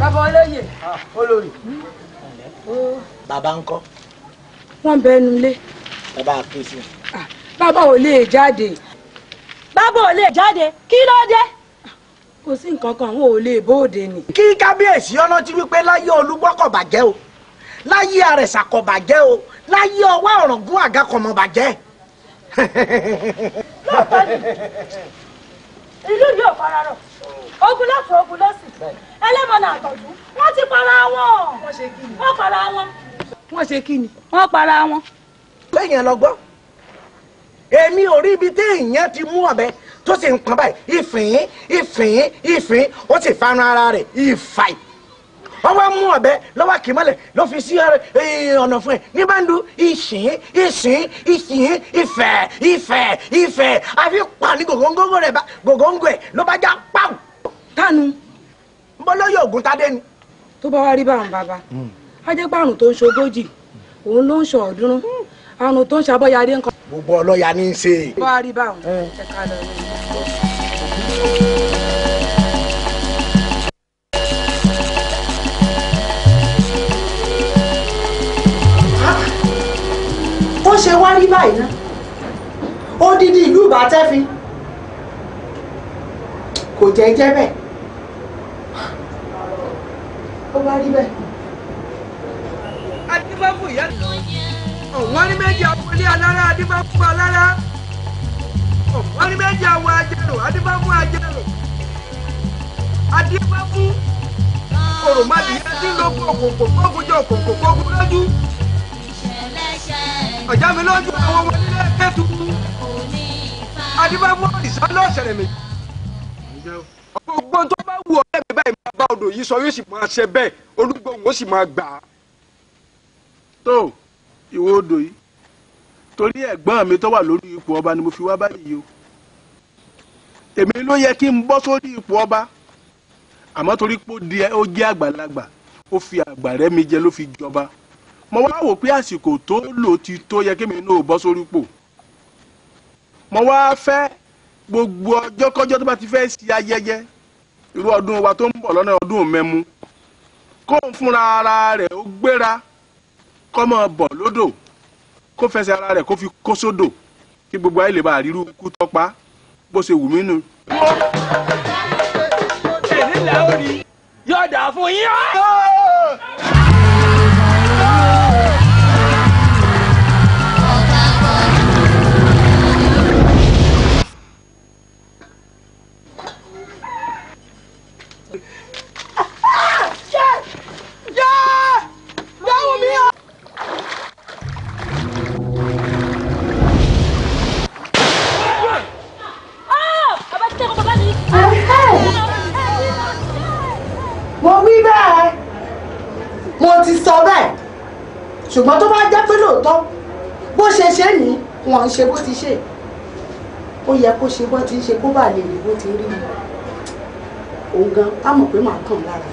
bàbá olóyè olórí. bàbá ńkọ́. wọ́n bẹ ẹnu ilé. bàbá àkíyèsí. Ah, bàbá ò lè jáde. bàbá ò lè jáde kí ló dé kò sí nǹkan kan àwọn ò lè bóde ni. kí kábíyèsí ọ̀nà ti wípé láyé olúgbọ́kọ̀bàjẹ́ o láyé àrẹ̀sàkọ̀bàjẹ́ o láyé ọwọ́ ọ̀rọ̀gún àgàkọ̀mọ̀bàjẹ́. lóòótọ́ ni ìlú yóò fara rọ̀ ogun lọ́tún ogun lọ́sì ẹlẹ́mọ̀nà àtọ̀jú wọ́n ti para wọn wọ́n para wọn. wọ́n ṣe kí ni wọ́n para wọn. lẹ́yìn lọ gbọ́ èmi ò rí ibi tí èèyàn ti mú ọ̀bẹ tó sì ń pọn báyìí ìfìn ìfìn ìfìn ó sì fanu ara rẹ̀ ìfàì wọ́n wá mú ọ̀bẹ lọ́wọ́ kìmọ́lẹ̀ ló fi sí eh, ọ̀nà fún ẹ̀ ní bá ń du ìsìn ìsìn ìsìn ìfẹ́ ìfẹ́ ìfẹ́ àfi pa ní gògóńgò rẹ̀ bá gògóńgò ẹ̀ ló bá já pàù. tánu bọ́lọ́yè ògùn tádé ni. tó bá wá rí báwọn bàbá to hmm. jẹ́ pé àrùn tó ń ṣogójì òun ló ń ṣọ ọ̀ọ́dúnrún àrùn tó ń ṣàbọ̀yadé nǹkan. gbogbo ọlọ́yà ní í ṣe. bá wá rí báwọn eh. ẹ̀ka lọ ní ah! ṣe wá rí báyìí ná odidi ìlú ìbátẹ́fin kò jẹ́ jẹ́ bẹ́ẹ̀ ó bá rí bẹ́ẹ̀. adébáfù ìyá wọ́n ní méjì abúlé alára adébáfù alára wọ́n ní méjì awọ ajẹ́rò adébáfù ajẹ́rò adébáfù kòròmádìyẹ tí ń lọ kòkòkò kókòjọ kòkòkò kókò lójú ọ̀já mi lójú àwọn wọlé lẹ́ẹ̀kẹ́tù adébáfù ìsọ́lọ́ọ̀sẹ̀rẹ̀ méjì gbogbo tó bá wù ọ̀rẹ́ mi báyìí máa bá odò yìí sọ yóò sì máa ṣe bẹ́ẹ̀ olúgbòhùn ó sì máa gbà á. tó ìwọ odò yìí torí ẹ̀gbọ́n mi tó wà lórí ipò ọba ni mo fi wá báyìí o èmi ló yẹ kí n bọ́ sórí ipò ọba àmọ́ torí pé ó jẹ́ àgbàlagbà ó fi àgbà rẹ̀ mi jẹ ló fi jọba mo wá wò pé àsìkò tó lò ti tó yẹ kí mi náà bọ́ sórí ipò mo wá fẹ́ gbogbo ọjọ́ kọjọ́ tó bá ti fẹ́ ṣe ayẹyẹ irú ọdún wa tó ń bọ̀ lọ́nà ọdún mẹ́mu kó ń fúnra ara rẹ̀ ó gbéra kó máa bọ̀ lódò kó fẹsẹ̀ ara rẹ̀ kó fi kó sódò kí gbogbo ayé lè bá àrírú ikú tọ́pa bó ṣe wù mí nù. ẹ̀rín làórí yọ̀dà fún yín. ti sọ bẹ́ẹ̀ ṣùgbọ́n tó bá jẹ́ pé lóòótọ́ bó ṣe ṣe ní wọ́n ń ṣe bó ti ṣe ó yẹ kó ṣe bó ti ṣe kó bá lè rí bó ti rí òun gan á mọ̀ pé màá kàn lára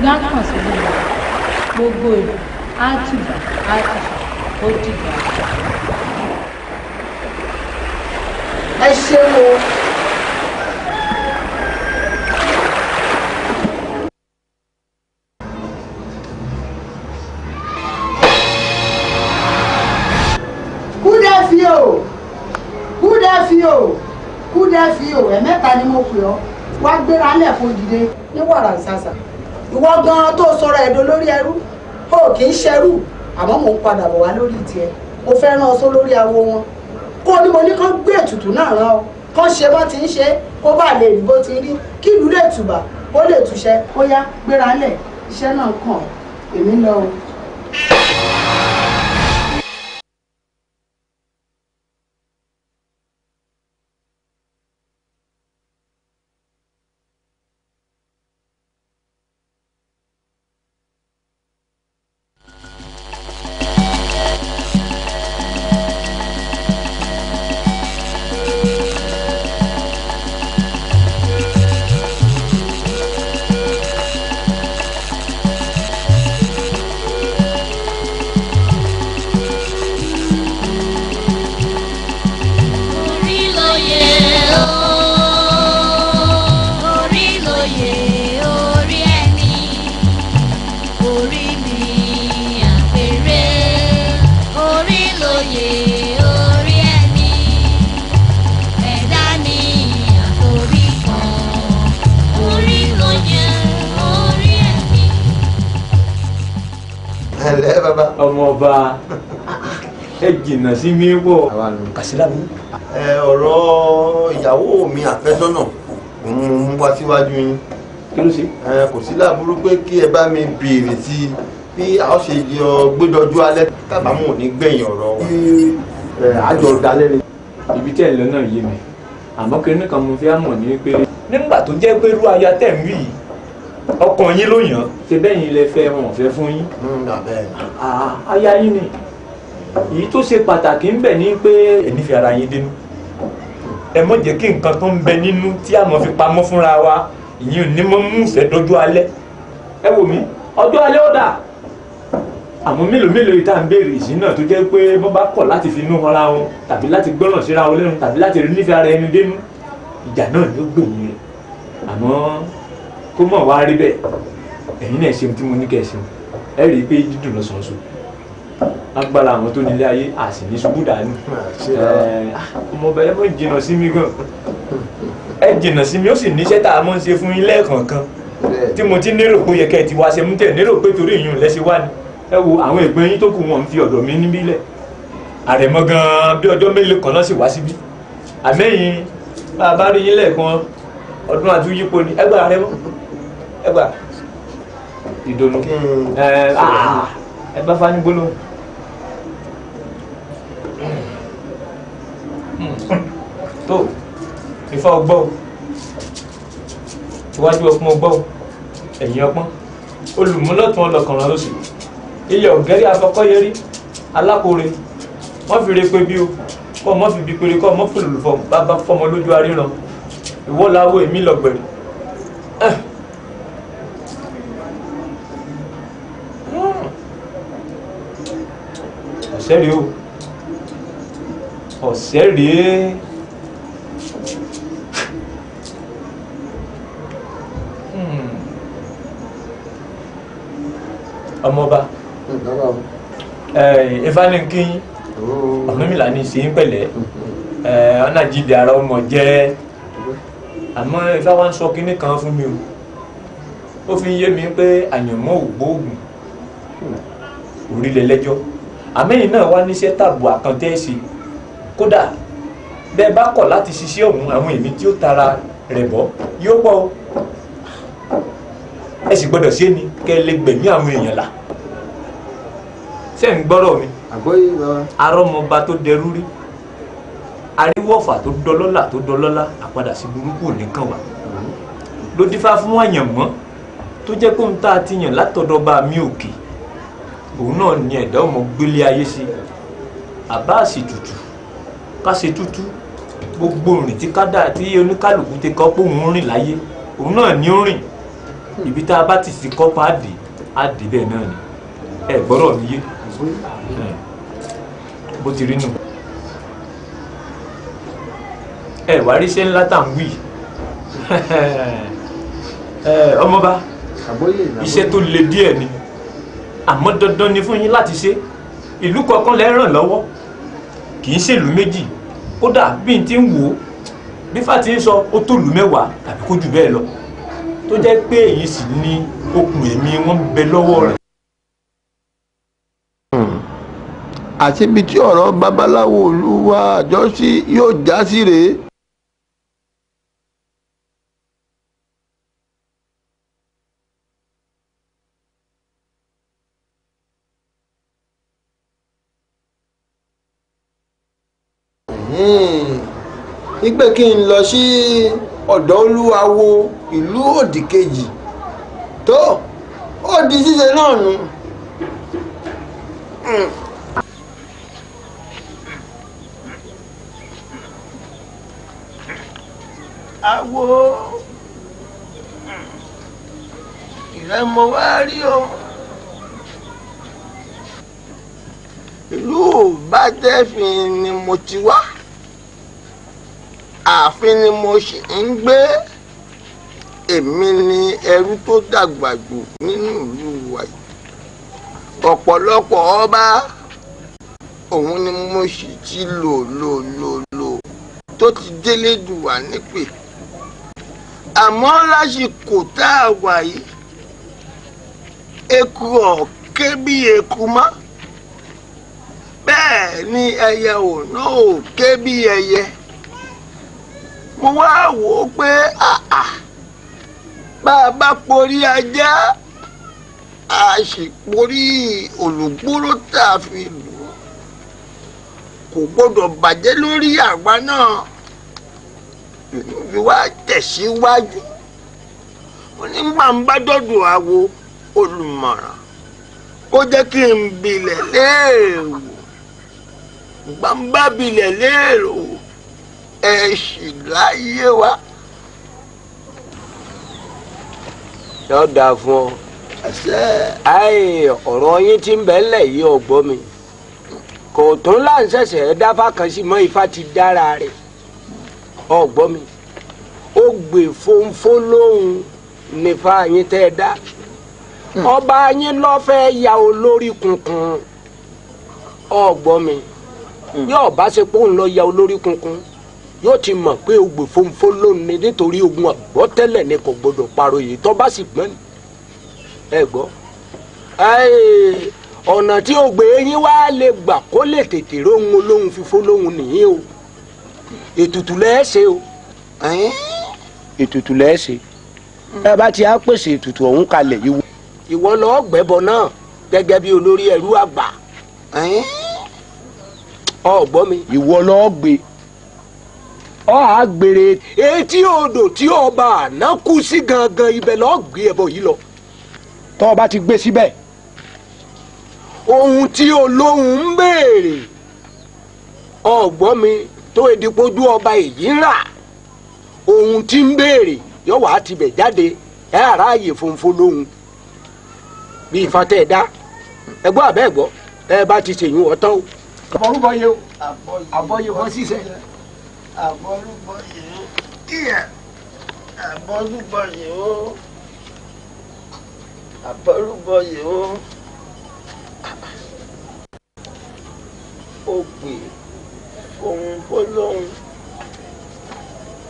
gbá kàn sí gbogbo gbogbo ìlú á tìgbà á tìgbà ó dìgbà. ẹ ṣeun o. kúdẹ́ fi òwẹ́ mẹ́ta ni mo pè ọ́ wá gbéra lẹ̀ fún dìde ní wàrà ìsàsà ìwọ gan tó sọ̀rọ̀ ẹ̀dọ́ lórí ẹrú ó kì í ṣẹrú àmọ́ mò ń padà bọ̀ wá lórí tiẹ̀ mo fẹ́ rán ọ sọ lórí awo wọn kó ní mo ní kán gbé ètùtù náà rán ọ kán ṣe bó ti ń ṣe kó bá lè rí bó ti rí kí ìlú lè tùbà ó lè túṣẹ ó yá gbéra lẹ̀ iṣẹ́ náà kàn èmi lọ jìnnà sí mi pọ̀. kàṣíláàmù. ẹ ọ̀rọ̀ ìyàwó mi àfẹ́sọ́nà òun wá síwájú yín. kí ló ṣe. ẹ kò sí láàbúrú pé kí ẹ bá mi béèrè sí i bí a ó ṣe yọ gbẹdọjú alẹ́ tábàámù ò ní gbẹ̀yìn ọ̀rọ̀ wa. ẹ àjọ dalẹ́ ni. ibi tẹ́ ẹ lọ náà yé mi àmọ́ kinní kan mo fi á mọ̀ ní pé. nígbà tó jẹ́ pé irú aya tẹ̀ ń wí yìí ọkàn yín ló yàn. ṣe bẹ́ẹ̀ yín lè fẹ́ wọn ò fẹ́ fún yín. aya yín ni èyí tó ṣe pàtàkì ń bẹ ni pé ẹ nífẹ̀ẹ́ ara yín dínú ẹ mọ̀ jẹ́ kí nǹkan tó ń bẹ nínú tí a mọ̀ fi pamọ́ fúnra wa ìyẹn ò ní mọ́ mú ìfẹ́ dọ́jú alẹ́ ẹ wò mí ọjọ́ alẹ́ ó dà àmọ́ mélòó mélòó yìí tá à ń béèrè ìsìn náà tó jẹ́ pé wọ́n bá kọ̀ láti fi inú ara wọn tàbí láti gbọ́ràn síra wọn lẹ́nu tàbí láti rí nífẹ̀ẹ́ ara ẹni dénú ìjà náà ló gbòòyìn rẹ̀ àmọ́ kó mọ̀ wá rí bẹ́ẹ̀ ẹ̀yin náà ṣeun tí mo ní kẹ́ ẹ ṣeun ẹ rí i pé dídùn lọ́sọ̀ọ́sọ̀ agbára àwọn tó nílé ayé a sì ní ṣubú dání ọmọbìnrin mọ̀ jìnnà sí mi gan ẹ jìnnà sí mi ó sì níṣẹ́ tá a mọ̀ ń ṣe fún ilé kọ̀ọ̀kan tí mo ti nérò ó yẹ kẹ́ ẹ ti wá ṣe mú tẹ̀ nérò pé torí ìyún lẹ́sẹ̀ wá ni ẹ wo àwọn ẹgbẹ́ yín tó kù wọn fi ọ̀dọ̀ mi níbí lẹ̀ àrẹ̀mọ gan bí ọjọ́ mélòó kan náà sì wá síbí àmẹ́yìn bá a bá rí yín lẹ́ẹ̀kan ọdún àti yípo ni ẹgbà rẹ mọ́ ẹgbà ìdòlù eh, ah, ẹ bá fani gbólóhùn. (laughs) tó ìfọ́ ọgbọ́ o iwájú ọpọ́n ọgbọ́ o ẹ̀yìn ọpọ́n olùmúlọ́tún ọlọ́kànlá ló sì iyọ̀ gẹ́rí afọkọ́yẹrí alákòore wọ́n fi re pé bí o kọ́ mọ́ fi bí péré kọ́ mọ́ fòlù fọ́ bàbá fọmọ lójú aríran ìwọ́ làwọ̀ èmi lọ́gbẹ̀rẹ̀ eh. hmm. ọ̀sẹ̀ rí o ọ̀sẹ̀ rèé hmm. ọmọọba ìfanikín eh, oh. ọ̀nàmìlà ní ṣe ń pẹ̀lẹ́ eh, ọ̀nàjìdì ara ọmọ jẹ́ àmọ́ ifá wa ń sọ kinní kan fún mi o ó fi yé mi pé àyànmọ́ ògbóògùn hmm. orílẹ̀ lẹ́jọ́ àmẹ́yìn náà wá níṣẹ́ tààbù àkàntẹ́ẹ̀sì kódà bẹ́ẹ̀ bá kọ̀ láti ṣiṣẹ́ òun àwọn èmi tí ó tara rẹ̀ bọ́ yóò pọ̀ o ẹ sì gbọ́dọ̀ ṣe ni kẹ́ ẹ lè gbẹ̀mí àwọn èèyàn là ṣé ń gbọ́rọ̀ mi arọ́mọba tó dẹrú rí aríwọ̀fà tó dọlọ́lá tó dọlọ́lá àpadà sí burúkú ò ní kàn wá ló dífá tó jẹ́ kóhun tá a ti yàn látọ̀dọ̀ba mi òkè òun náà ni ẹ̀dá ọmọ gbélé ayé sí àbá àsìtùtù ká ṣe tútú gbogbo rìn tí kádà tí oníkálùkù ti kọ́ pé òun rìn láyé òun náà ní ó rìn ibi tá a bá ti sí kọ́pá àdì àdì bẹ́ẹ̀ náà ni ẹ gbọ́dọ̀ mi yé bó ti rí nù ẹ wá rí iṣẹ́ ńlá tá à ń wí ọmọba iṣẹ́ tó le díẹ̀ ni àmọ́ dandan ni fún yín láti ṣe ìlú kọ̀ọ̀kan lẹ́ràn lọ́wọ́ kì í ṣèlú méjì kódà bí n ti ń wò ó bí fati ń sọ ó tó lù mẹ́wàá tàbí kó jù bẹ́ẹ̀ lọ tó jẹ́ pé èyí sì ni okùn ẹ̀mí wọn bẹ lọ́wọ́ rẹ̀. Hmm. àti ibi tí ọ̀rọ̀ babaláwo olúwa àjọṣí yóò já sí rèé. wípé kí n lọ sí ọ̀dọ̀ olúwawo ìlú òdìkejì tó ó di ṣíṣe náà nù. awo ìrẹ́mọ wá rí o ìlú bá tẹ́fìn ni mo ti wá ààfin ni mo sì ń gbé èmi ni ẹrú tó dàgbà jù nínú ìlú wa yìí ọ̀pọ̀lọpọ̀ ọba òun ni mo sì ti lò lò lò lò tó ti délé dùwà nípè àmọ́ lásìkò tá a wà yìí eku ọ̀kẹ́ bí eku mọ́ bẹ́ẹ̀ ni ẹyẹ òun náà ò ké bí ẹyẹ mo wá wò ó pé ah, ah, bá a bá porí ajá a sì porí olùgbóró tá a fi lù ú kò gbọdọ̀ bàjẹ́ lórí àgbà náà fi wá tẹ̀síwájú onígbà ń bá dọ́dọ̀ àwo olùmọ̀ràn kó jẹ́ kí n bilẹ̀ léèrò gbàǹbà bilẹ̀ léèrò ẹ̀ṣì láyé wa. yóò dáa fún ọ. ayé ọ̀rọ̀ yín ti ń bẹ́lẹ̀ yìí ọ̀gbọ́n mi kò tún láǹṣẹ̀ṣẹ̀ dáfá kan sí mọ́ ifá ti dára rẹ̀ ọ̀gbọ́n mi ó gbè fónfó lóhùn nífa yín tẹ́ ẹ dá hmm. ọba yín lọ́fẹ̀ẹ́ ya olórí kunkun ọ̀gbọ́n mi yóò hmm. bá ṣe pé lọ ya olórí kunkun yóò ti mọ̀ pé ogbè fomfó lónìí ni nítorí ogun àgbọ́tẹ́lẹ̀ ni kò gbọdọ̀ parọ́ èyí tó bá sì gbọ́n ẹ gbọ́ ọ̀nà tí ogbè yín wá lè gbà kó lè tètè róhun olóhun fífó lóhun nìyí o ètùtù lẹ́ẹ̀ṣẹ̀ o ètùtù lẹ́ẹ̀ṣẹ̀ ẹ hmm. bá ti á pèsè ètùtù ọ̀hún kalẹ̀ ìwọ. ìwọ lọ gbẹ́bọ náà gẹ́gẹ́ bí olórí ẹrú àgbà ọ̀gbọ́n mi. ìwọ lọ gbé ọ á gbére etí odò tí ọba àná kú sí gangan ibẹ̀ lọ́ọ́ gbé ẹbọ yìí lọ. tọ́ ọba ti gbé síbẹ̀. ohun tí olóhùn ń béèrè ọgbọ́n mi tó edipojú ọba èyí ń rà ohun tí ń béèrè yọ̀wá tibẹ̀ jáde ẹ̀ àráàyè funfun lóhun bí ìfọ̀n tẹ̀ dá ẹgbọ́n àbẹ́ ẹ bá ti ṣèyún ọ̀tọ́ o. àbọ̀rúbọ̀ yẹ o àbọ̀yẹ wọn àbọ̀lúbọ̀sì ó kíyà àbọ̀lúbọ̀sì ó àbọ̀lúbọ̀sì ó ó pè ohun bólóhùn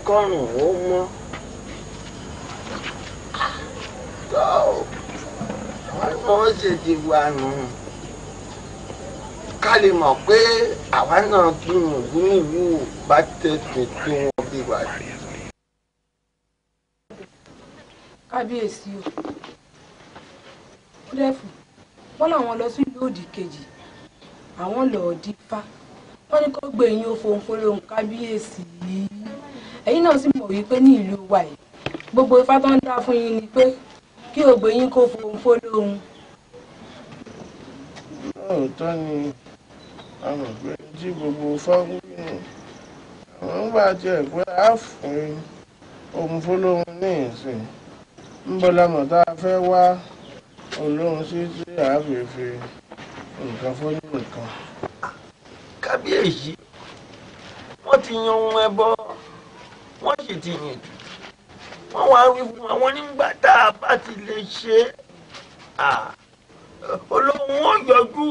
kọ́rùn ó mọ́ tó àwọn náà ṣèdìbò àná ká lè mọ̀ pé àwa náà gbìyànjú nílùú bá tẹ̀sùn tí wọ́n bí wá sí. kábíyèsí o kúrẹ́fù wọ́n làwọn lọ sí ìlú òdì kejì àwọn lọ́ọ́ dífá wọ́n ní kó gbé yín ó fohùn fọlọ́hùn kábíyèsí ẹ̀yin náà sì mọ̀ wípé ní ìlú wa yìí gbogbo ifá tó ń dá fún yín ni pé kí ògbé yín kó fohùn fọlọ́hùn àwọn òpin jí gbogbo fáwọ́nù àwọn ń bá jẹ́ pé a fún ohun fọlọ́hún ní ìsìn ń bọ́ lámọ̀ tá a fẹ́ wá olóhun sí tí a fi fi nǹkan fọ́nù nǹkan. kábíyèsí wọ́n ti yan ohun ẹbọ wọ́n sì ti yìn jù wọ́n wá wí fún àwọn nígbà tá a bá ti lè ṣe olóhun ó yọjú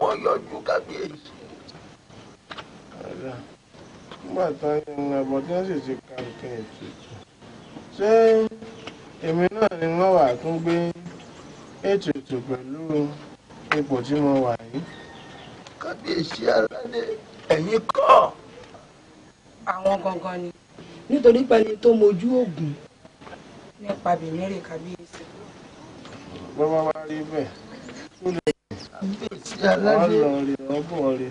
wọ́n yọjú kábíyèsí. nígbà tán ni àbọ̀dé sì ti ka nǹkan ètùtù ṣé èmi náà ni wọ́n wà tún gbé ètùtù pẹ̀lú ipò tí mo wà yìí. kábíyèsí aládé ẹ̀yin kọ́. àwọn gangan ni nítorí pẹ̀lú tó mojú oògùn nípa bìnrin kábíyèsí. bọ́bá wá rí bẹ́ẹ̀ tó lè wọ́n lọ rè ọ́bọ̀ rè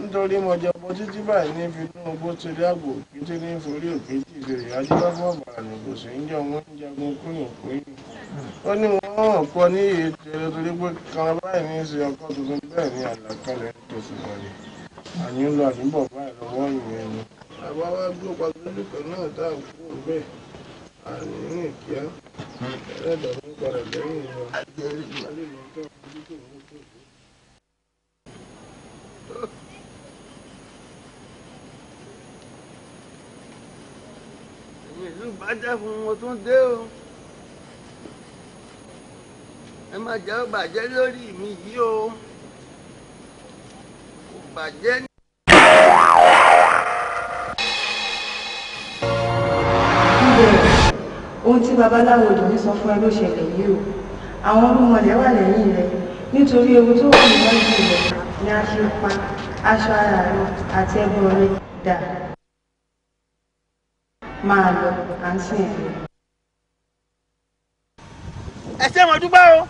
nítorí mọ̀jọ bó títí báyìí ní fi dún ogbó torí àgbò òkété ní forí òkéjì ìbèrè ajílọ́gbọ̀n bàrà nìgbòsè ń jọ wọ́n ń jagun kúyìn kúyìn ó ní wọ́n hàn pọ̀ ní iye tẹ̀lé torí pé kan báyìí ní í ṣe ọkọ̀ tuntun bẹ́ẹ̀ ni àlàkalẹ̀ tó sì wọlé àní ń lo àdúgbò báyìí lọ́wọ́ ìwé ni. àwa wá gbó pàtólùkọ náà tá à ń kú bẹ́ẹ̀ àní ní ìkíá hmm. ẹlẹ́dàá ń padà lẹ́yìn ìwọ èmi ìlú bàjẹ́ fún wọn tún dé o ẹ má jẹ́ ó bàjẹ́ lórí mi yìí o kò bàjẹ́ ní. ohun tí babaláwo òdòdó sọ fún ẹ ló ṣẹlẹ̀ yìí o àwọn ọmọ rẹ̀ wà lẹ́yìn rẹ̀ nítorí ewu tó wà níwájú rẹ̀ ni a ṣe pa aṣọ ara rẹ àti ẹ̀gbọ́n rẹ dà máa lọ àǹtí ẹ. ẹ ṣe wọn dúpẹ́ o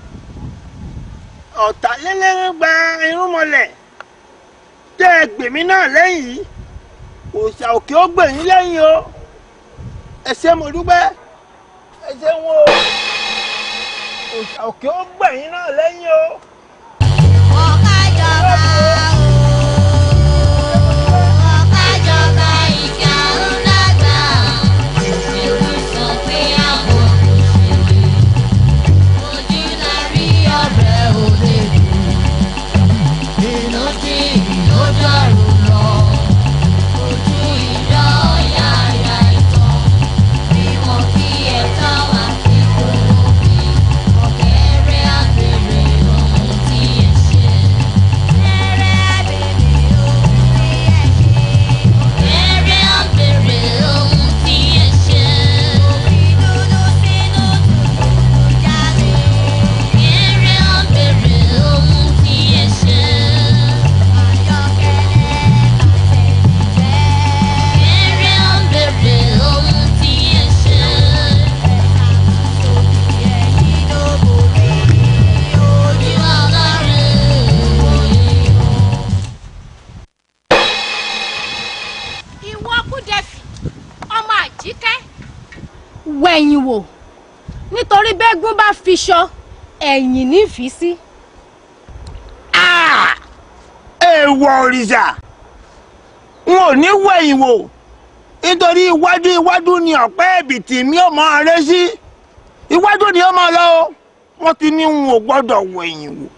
ọ̀tàlélẹ́rìn gba irúnmọlẹ̀ tẹ́ ẹ gbèmí náà lẹ́yìn òòṣà òkè ó gbèyìn lẹ́yìn o ẹ ṣe mo dúpẹ́ ẹ ṣe wọn o òòṣà òkè ó gbèyìn náà lẹ́yìn o. Bolsonaro! wẹ̀yìn wò nítorí bẹ́gún bá fi ṣọ ẹ̀yìn ní fi sí. èèwọ̀ òrìṣà wọn ò ní wẹ̀yìn wò nítorí iwájú iwájú ni ọ̀pẹ ẹ̀bìtì mi ò máa ré sí iwájú ni ó máa lọ o wọ́n ti ní n ò gbọ́dọ̀ wẹ̀yìn wò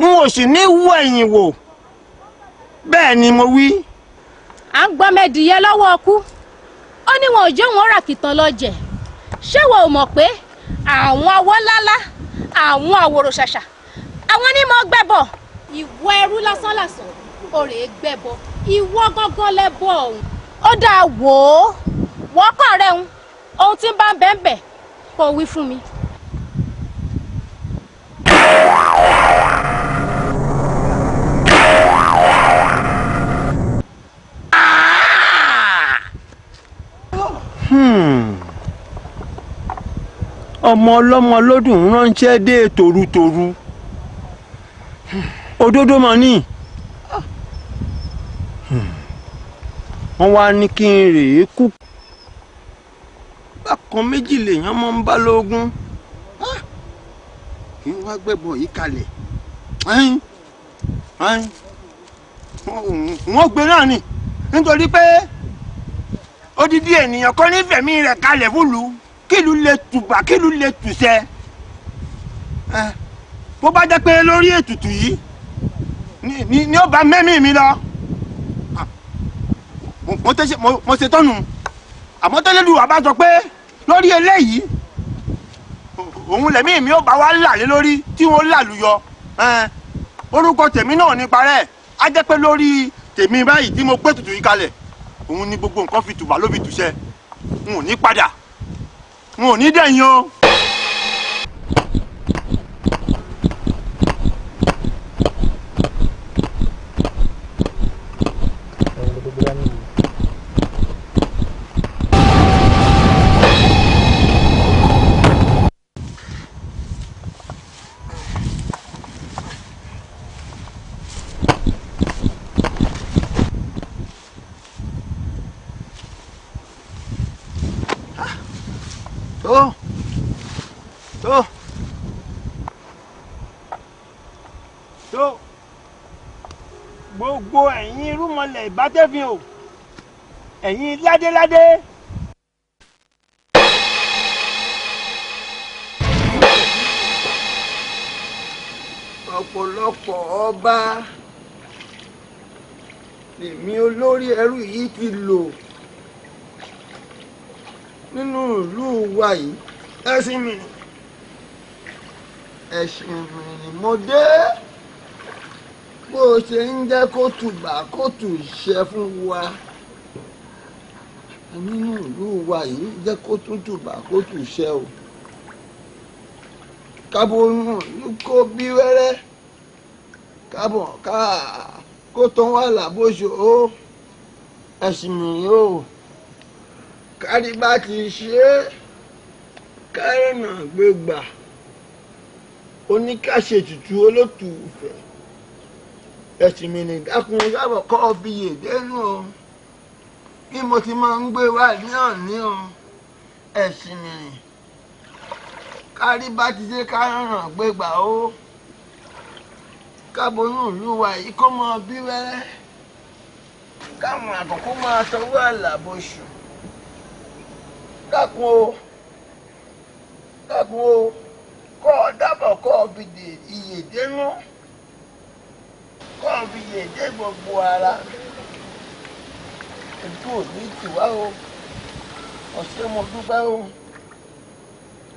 n ò sì ní wẹ̀yìn wò bẹ́ẹ̀ ni mo wí. à ń gbọ́mẹdìyẹ lọ́wọ́ ọkú ó ní wọn ò jẹ́ òun rà kìtàn lọ jẹ̀ ṣé wo mọ̀ pé àwọn awọ́ àwọn àwòrò ṣàṣà àwọn ni mo ìwọ ẹrú lásán lásán ò rèé ìwọ gángan lẹ́bọ̀ ọ̀hún. ó dáa wò ó wọ́kàn rẹ̀ ń ohun tí ń bá ń bẹ́ẹ̀ bẹ́ẹ̀ kò wí fún mi. Hmm ọmọ ọlọ́mọ lọ́dún ránṣẹ́ dé tòrutòru òdodo mọ̀ ní. wọ́n wá ní kí n rèé kú. bákan méjì lèèyàn mọ́ ń bá lóògùn kí n wá gbẹ́bọ̀ yìí kalẹ̀ wọ́n gbé náà ni nítorí pé odidi ènìyàn kan ní fẹ̀mí rẹ̀ kalẹ̀ fúlùú kílù lè tùbà kílù lè tùsẹ bó bá jẹ́ pé lórí ètùtù yìí ni ni ó bá mẹ́mí mi lọ mo ṣe tọ́nu àmọ́ tẹ́lẹ̀lù wa bá sọ pé lórí eléyìí òun lẹ̀mí mi ó bá wá là lé lórí tí wọ́n làlùyọ orúkọ tèmi náà ní parẹ́ á jẹ́ pé lórí tèmi báyìí tí mo pé tutù yìí kalẹ̀ òun ni gbogbo nǹkan fi tùbà ló fi tùṣẹ n ò ní padà n ò ní dẹ̀yìn o. ìbátẹ́fin o ẹ̀yin ládéládé. ọ̀pọ̀lọpọ̀ ọba lèmi olórí ẹrú yìí ti lò nínú ìlú wa yìí ẹ̀sìn mi ẹ̀sìn mi ni mo dé ṣe ń jẹ́ kóòtù gbà kóòtù ṣe fún wa nínú ìlú wa yìí jẹ́ kóòtù tùbà kóòtù ṣe o kábọ̀ náà ló kó bí wẹ́rẹ́ kábọ̀ ká kó tán wà lábóṣo ó ẹ̀sìn nìyí o kárí bá ti ṣe é kárẹ̀ náà gbé gbà oníkàṣètùtù olótùú ìfẹ́ ẹ̀sìn ni dákun yàbọ̀ kọ́ bí èdènú o bí mo ti máa ń gbé wáyé náà ní o ẹ̀sìn mi ni kárí bá ti dé ká ràn gbégbà o kábọnú ìlú yìí kó máa bí wẹ́rẹ́ káwọn àkókò máa sanwó àlàbòṣù dákun o dákun o kọ́ dábọ̀ kọ́ ọ bìdè ìyèdénú kọ́ọ̀ fi lè dé gbogbo ara ètò òní tìwá o ọ̀sẹ̀ mo dúpẹ́ o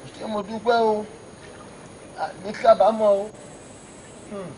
ọ̀sẹ̀ mo dúpẹ́ o àní o. Hmm.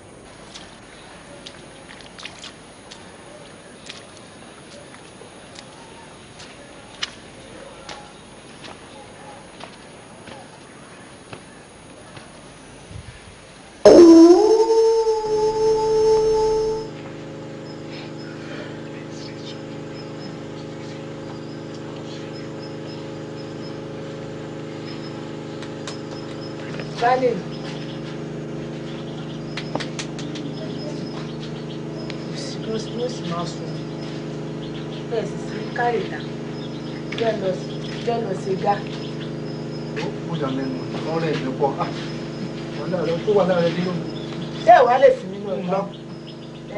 lọ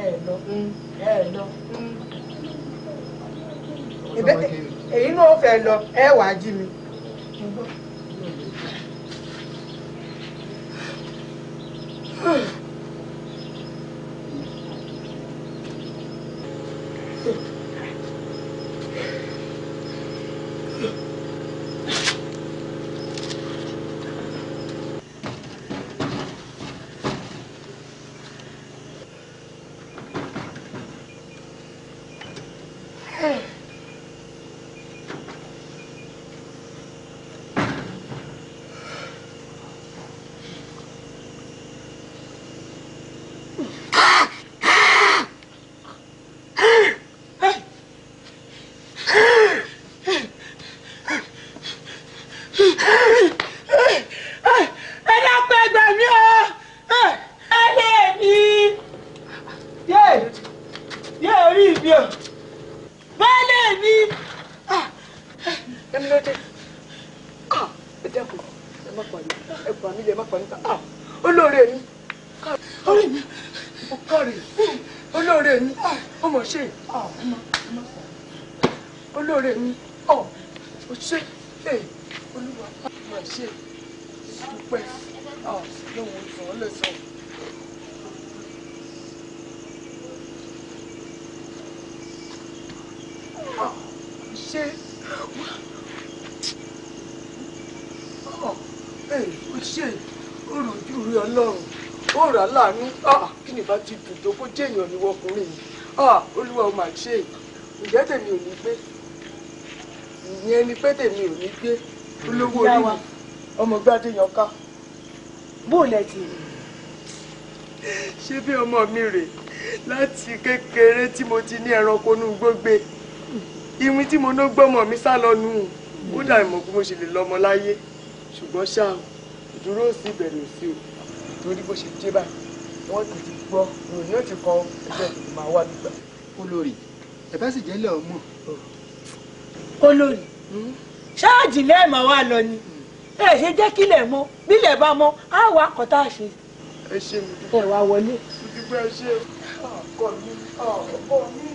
ẹ lọ mm. ẹ lọ. Mm. èyí náà fẹ́ lọ ẹ wàá jí mi. baálé mi ah, eh, ẹmi ló dé ah, ẹ dẹ́kun ẹ má pàdé ẹ pa mí lẹ má pàdé ká ah, olóore mi olóore mi ó kárì olóore mi ó mọ̀ ṣe olóore mi ó ṣe eh, olúwa má ṣe dúpẹ́ lóhun ìfọ̀ọ́lẹ́sọ̀ọ́. ṣe ó ṣe ó rojú rí ọlọ́run ó rà á láàánú ah, kí ni bá ti dùn tó kó jẹ́yàn ní wọkùnrin yìí ah, olúwa ó mà ṣe ìjẹ́ tèmi ò ní gbé ìyẹn ni pé tèmi ò ní gbé olówó orí mi ọmọ gbádé yan ká. bó o lẹ ti rí. ṣé bí ọmọ mi rè láti kékeré tí mo ti ní ẹranko inú gbógbé ìrìn tí mo ló gbọ́mọ mi sá lọ nù ó dà ìmọ̀ bí mo ṣe lè lọ́mọ láyé ṣùgbọ́n ṣá o ìdúró sí ìbẹ̀rẹ̀ òsì o torí bó ṣe dé báyìí wọ́n ti ti gbọ́ ròyìn yóò ti kan ẹgbẹ́ ìlú máa wá gbígbà. olórí ẹ bá sì jẹ́lẹ̀ ọmọ. olórí hmm? ṣáàjì lẹ́ẹ̀mọ̀ wa lọ ni ẹ ṣe jẹ́ kílẹ̀ mọ́ bílẹ̀ bá mọ́ á wà kọ́tà ṣe. ẹ ṣe mi ẹ wá wọlé. mo ẹ ṣe ọkọ mi ọkọ mi.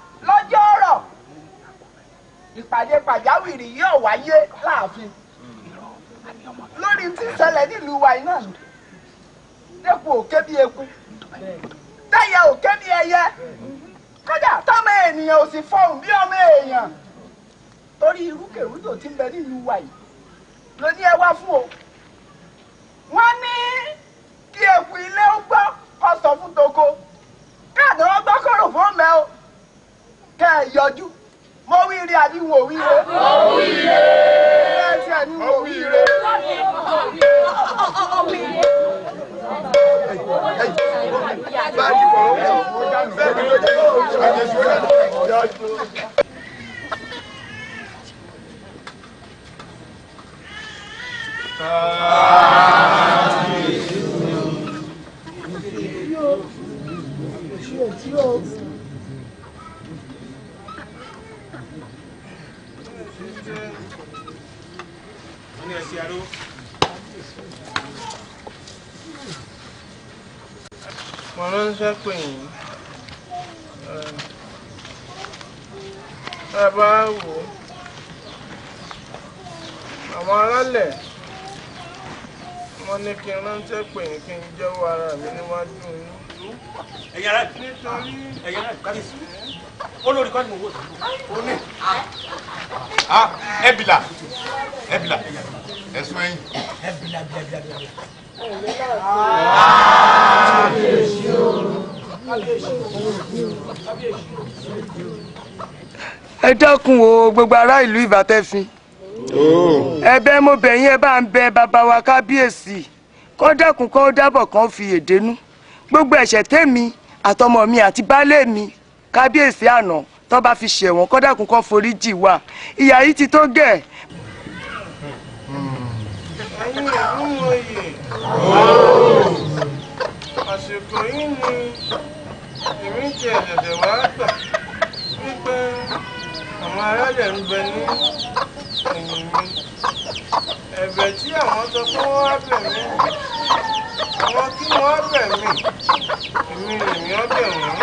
ìpàdé pàjáwìrì yóò wáyé láàfin lórí tí ń ṣẹlẹ̀ nílùú wa iná dẹ́kù òkè bí eku dẹ́yẹ òkè bí ẹyẹ kódà tọ́mọ ènìyàn ò sì fọhùn bí ọmọ èèyàn torí irúkèrúdò tí ń bẹ nílùú wa yìí ló ní ẹ wá fún o wọ́n ní kí eku ilé ó gbọ́ ọ̀sán fún toko káàdì wọn gbọ́ kóró fún ọmọ ẹ o kẹ́ ẹ yọjú mo wí ire àbí wò wí ire. mo wí ire. bẹ́ẹ̀ tí ẹ̀ ní wò wí ire. ọmọ ire. ní ẹsẹ̀ aró. mo ránṣẹ́ pè yín tá a bá wò ó àwọn aráàlẹ̀ wọ́n ní kí n ránṣẹ́ pè yín kí n jẹ́wọ́ ara mi níwájú yín. ẹ̀yin ará nítorí ẹ̀yin ará kábíyèsí olórí kan ni mo wò ó ní. ẹ̀bìlà ah, ah, ẹ̀bìlà ẹ̀sùn ẹ̀yìn. ẹ bila bila bila bila. kábíyèsí o kábíyèsí o kábíyèsí o. ẹ dákun o gbogbo ará ìlú ìbátẹ́fin oh. ẹ̀bẹ̀ mo bẹ̀ yín ẹ bá ń bẹ bàbá wa kábíyèsí kó dákun kó dábọ̀ kan fi èdénú gbogbo ẹ̀ṣẹ̀ tèmi àtọmọ mi àti baálé mi kábíyèsí àná tó bá fi ṣẹ̀wọ̀n kó dákun kó forí jì wá ìyà yìí ti tó gẹ̀ẹ́ ẹ̀yin ìmúmọyè àsìkò yìí ni èmi ti ẹ̀dẹ̀dẹ̀ wá gbà wípé àwọn aráàlẹ̀ ń bẹ ní ẹ̀yìn mi ẹ̀bẹ̀ tí àwọn sọ pé wọ́n wá bẹ̀ mí àwọn kí wọ́n bẹ̀ mí èmi lèmi ọbẹ̀ wọ́n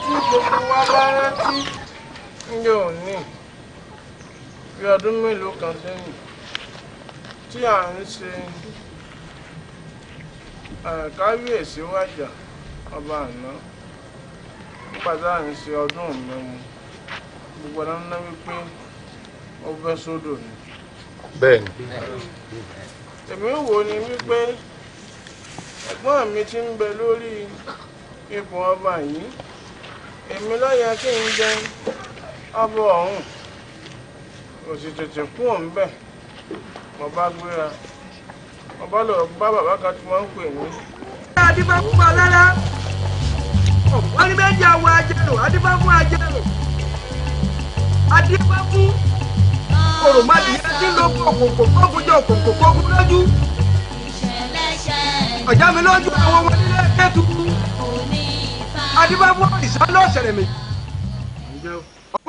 tí gbogbo wa bá rántí ní òní bí ọdún mélòó kan sẹ́yìn tí à ń ṣe kábíyèsí wájà ọba àná nígbà tá à ń ṣe ọdún mẹ́rin gbogbo ọdún náà wípé ó bẹ́ sódò ni. bẹ́ẹ̀ni. èmi wò ni wípé ẹ̀gbọ́n mi ti ń bẹ lórí ipò ọba yìí èmi ló kí n jẹ ọba ọ̀hún mo sì tètè kú òun bẹ̀ mo bá gbéra mo bá lọ bá bàbá kan tí wọ́n ń pè mí. adífá fún wa lára wọ́n ní méjì àwọ̀ ajẹ́rò adífá fún ajẹ́rò adífá fún òròmọdìyẹ tí ń lo kòkòkò kókòjọ kòkòkò lójú ọ̀já mi lójú àwọn ọmọ nílé kẹ́tù adífá fún ìsánlọ́sẹ̀rẹ̀ mi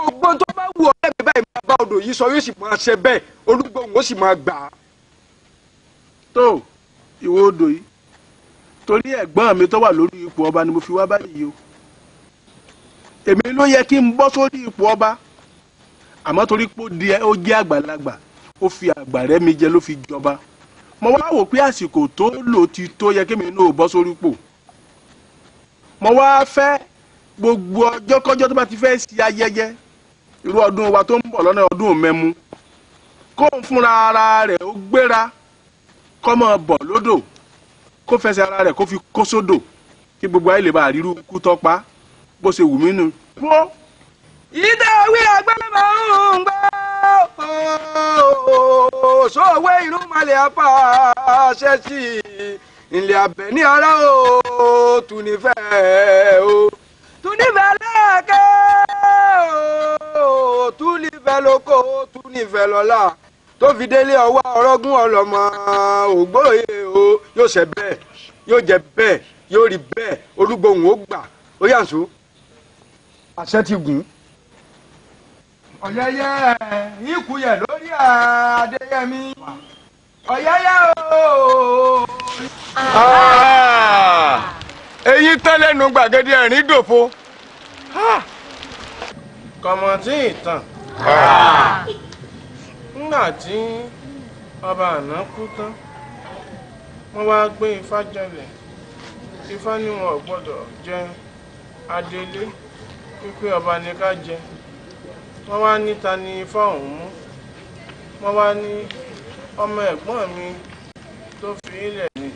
ọgbọ́n tó bá wù ọ̀rẹ́ mi báyìí máa bá odò yìí sọ yóò sì máa ṣe bẹ́ẹ̀ olúgbọ̀n ó sì máa gbà á. tó ìwọ odò yìí torí ẹ̀gbọ́n mi tó wà lórí ipò ọba ni mo fi wá báyìí o èmi ló yẹ kí n bọ́ sórí ipò ọba àmọ́ torí pé ó jẹ́ àgbàlagbà ó fi àgbà rẹ̀ mi jẹ ló fi jọba mo wá wò pé àsìkò tó lò ti tó yẹ kí mi náà bọ́ sórí ipò mo wá fẹ́ gbogbo ọjọ́ kọjọ́ tó bá ti fẹ́ ṣe ayẹyẹ irú ọdún wa tó ń bọ̀ lọ́nà ọdún mẹ́mu kó ń fúnra ara rẹ̀ ó gbéra kọ́ mọ́ bọ̀ lódò kó fẹsẹ̀ ara rẹ̀ kó fi kó sódò kí gbogbo ayé lè bá ríru kú tọ́pa bó ṣe wù mí nu. wo ìdá òwe àgbẹ̀ máa ń gbọ́ òṣòwò inú malẹ̀ apá ṣẹ́sì ilẹ̀ abẹ ní ara òtún nífẹ̀ẹ́ o nífẹ̀ẹ́ lẹ́ẹ̀kẹ́ ó tún nífẹ̀ẹ́ lóko ó tún nífẹ̀ẹ́ lọ́la tó fi délé ọwọ́ ọlọ́gún ọlọ́mọ ògbóòye o yóò ṣe bẹ́ẹ̀ yóò jẹ bẹ́ẹ̀ yóò rí bẹ́ẹ̀ olúgbòhùn ó gbà ó yànṣó àṣẹ ti gùn. ọ̀yẹ́yẹ́ ìkúyẹ̀ lórí adéyẹmí ọ̀yẹ́yẹ́ o. èyí ah! tẹ́lẹ̀ nu gbàgede ẹ̀rín dòfo. kọ̀mọ̀tì ìtàn nígbà tí ọba àná kú tán wọ́n wá gbé ifá jọlẹ̀ ifá níwọ̀n wọn ò gbọ́dọ̀ jẹ adelé pípé ọba ní ká jẹ wọ́n wá níta ní ifá ọ̀hún mú wọ́n wá ní ọmọ ẹ̀gbọ́n mi tó fi ilẹ̀ nì.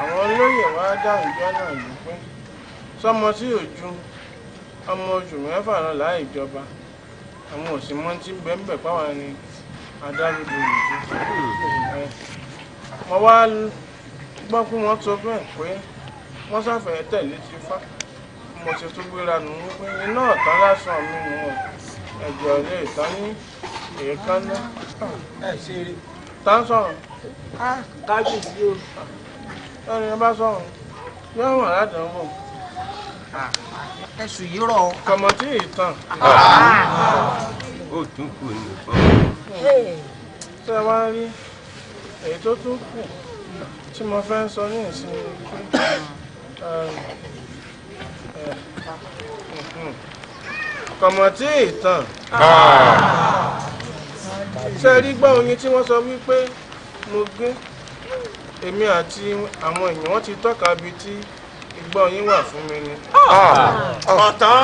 àwọn olóyè wá náà ló sọmọ tí ò ju ọmọ oṣù mẹ́fà lọ láì jọba àwọn òsì mọ́ tí bẹ́ẹ̀ báwa ni adarúgbò nìjú. mo wá gbọ́ pé wọ́n sọ bẹ́ẹ̀ pé wọ́n sáfẹ̀ẹ́ tẹ̀lé ti fá mo ṣe tó gbéra nù ú pé iná ọ̀tán lásán mi nù ọ́ ẹ̀jẹ̀ ò lè tán ní èékánná. ẹ ṣe eré. tá ń sọ̀rọ̀. Ah, kábíyèsí o. ẹni bá sọ̀rọ̀ yóò wọ̀n ládàá wò ẹ̀sùn ah, yìí rọ̀. kọmọ tí ì tàn. Ah. ó tún kù ní fọ́ọ̀mù. ṣé ẹ rí èyí tó tún kù tí mo fẹ́ sọ ní ìsinmi pé kọmọ tí ì tàn. Ah. ṣé rí gbọ́ oyin tí wọ́n sọ wípé mo gé èmi àti àwọn èèyàn wọ́n ti tọ́ka bíi tí ọgbọ́n yín wà fún mi ni. Ah. Ah. ọ̀tán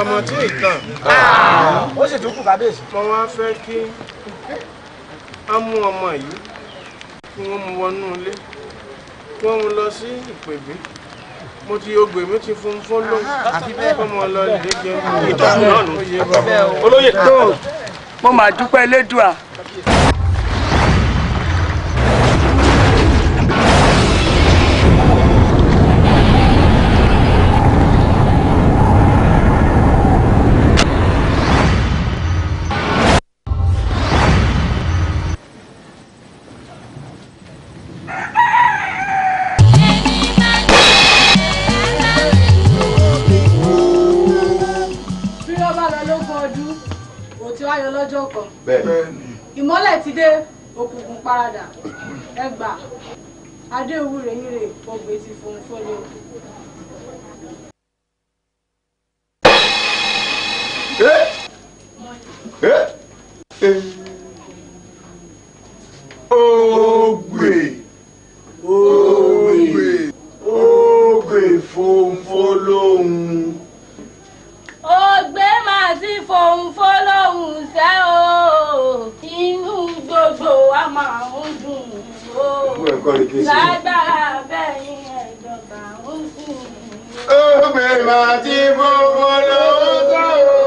ọmọ tí ìtàn. Ah. ó sì tún kù kábíyèsí. mo wá fẹ́ kí á mú ọmọ yìí kí wọ́n mú wọnú ilé kí wọ́n mú lọ sí ìpèbí mo ti yóò gbèmí ti fún fún lóhùn ọmọ ọlọ́ọ̀lì léjẹ ìtọ́jú náà ló yé bàbá olóyè tó mo máa dúpẹ́ lédùá ti wáyọ lọ́jọ́ kan. bẹ́ẹ̀ni. ìmọ́lẹ̀ ti dé òkùnkùn paradà ẹgbà adéwúre yíre ògbè ti fòun fọlẹ́ òkú. Ogbe ogbe fòun fọlọ́hún sì fohùn fọlọ́hùn sẹ́ o inú gbogbo wa máa ń dùn o lágbára bẹ́yìn ẹ̀jọba ń sùn. ó bẹ̀rẹ̀ àti fọwọ́ lọ́wọ́ sọ́wọ́.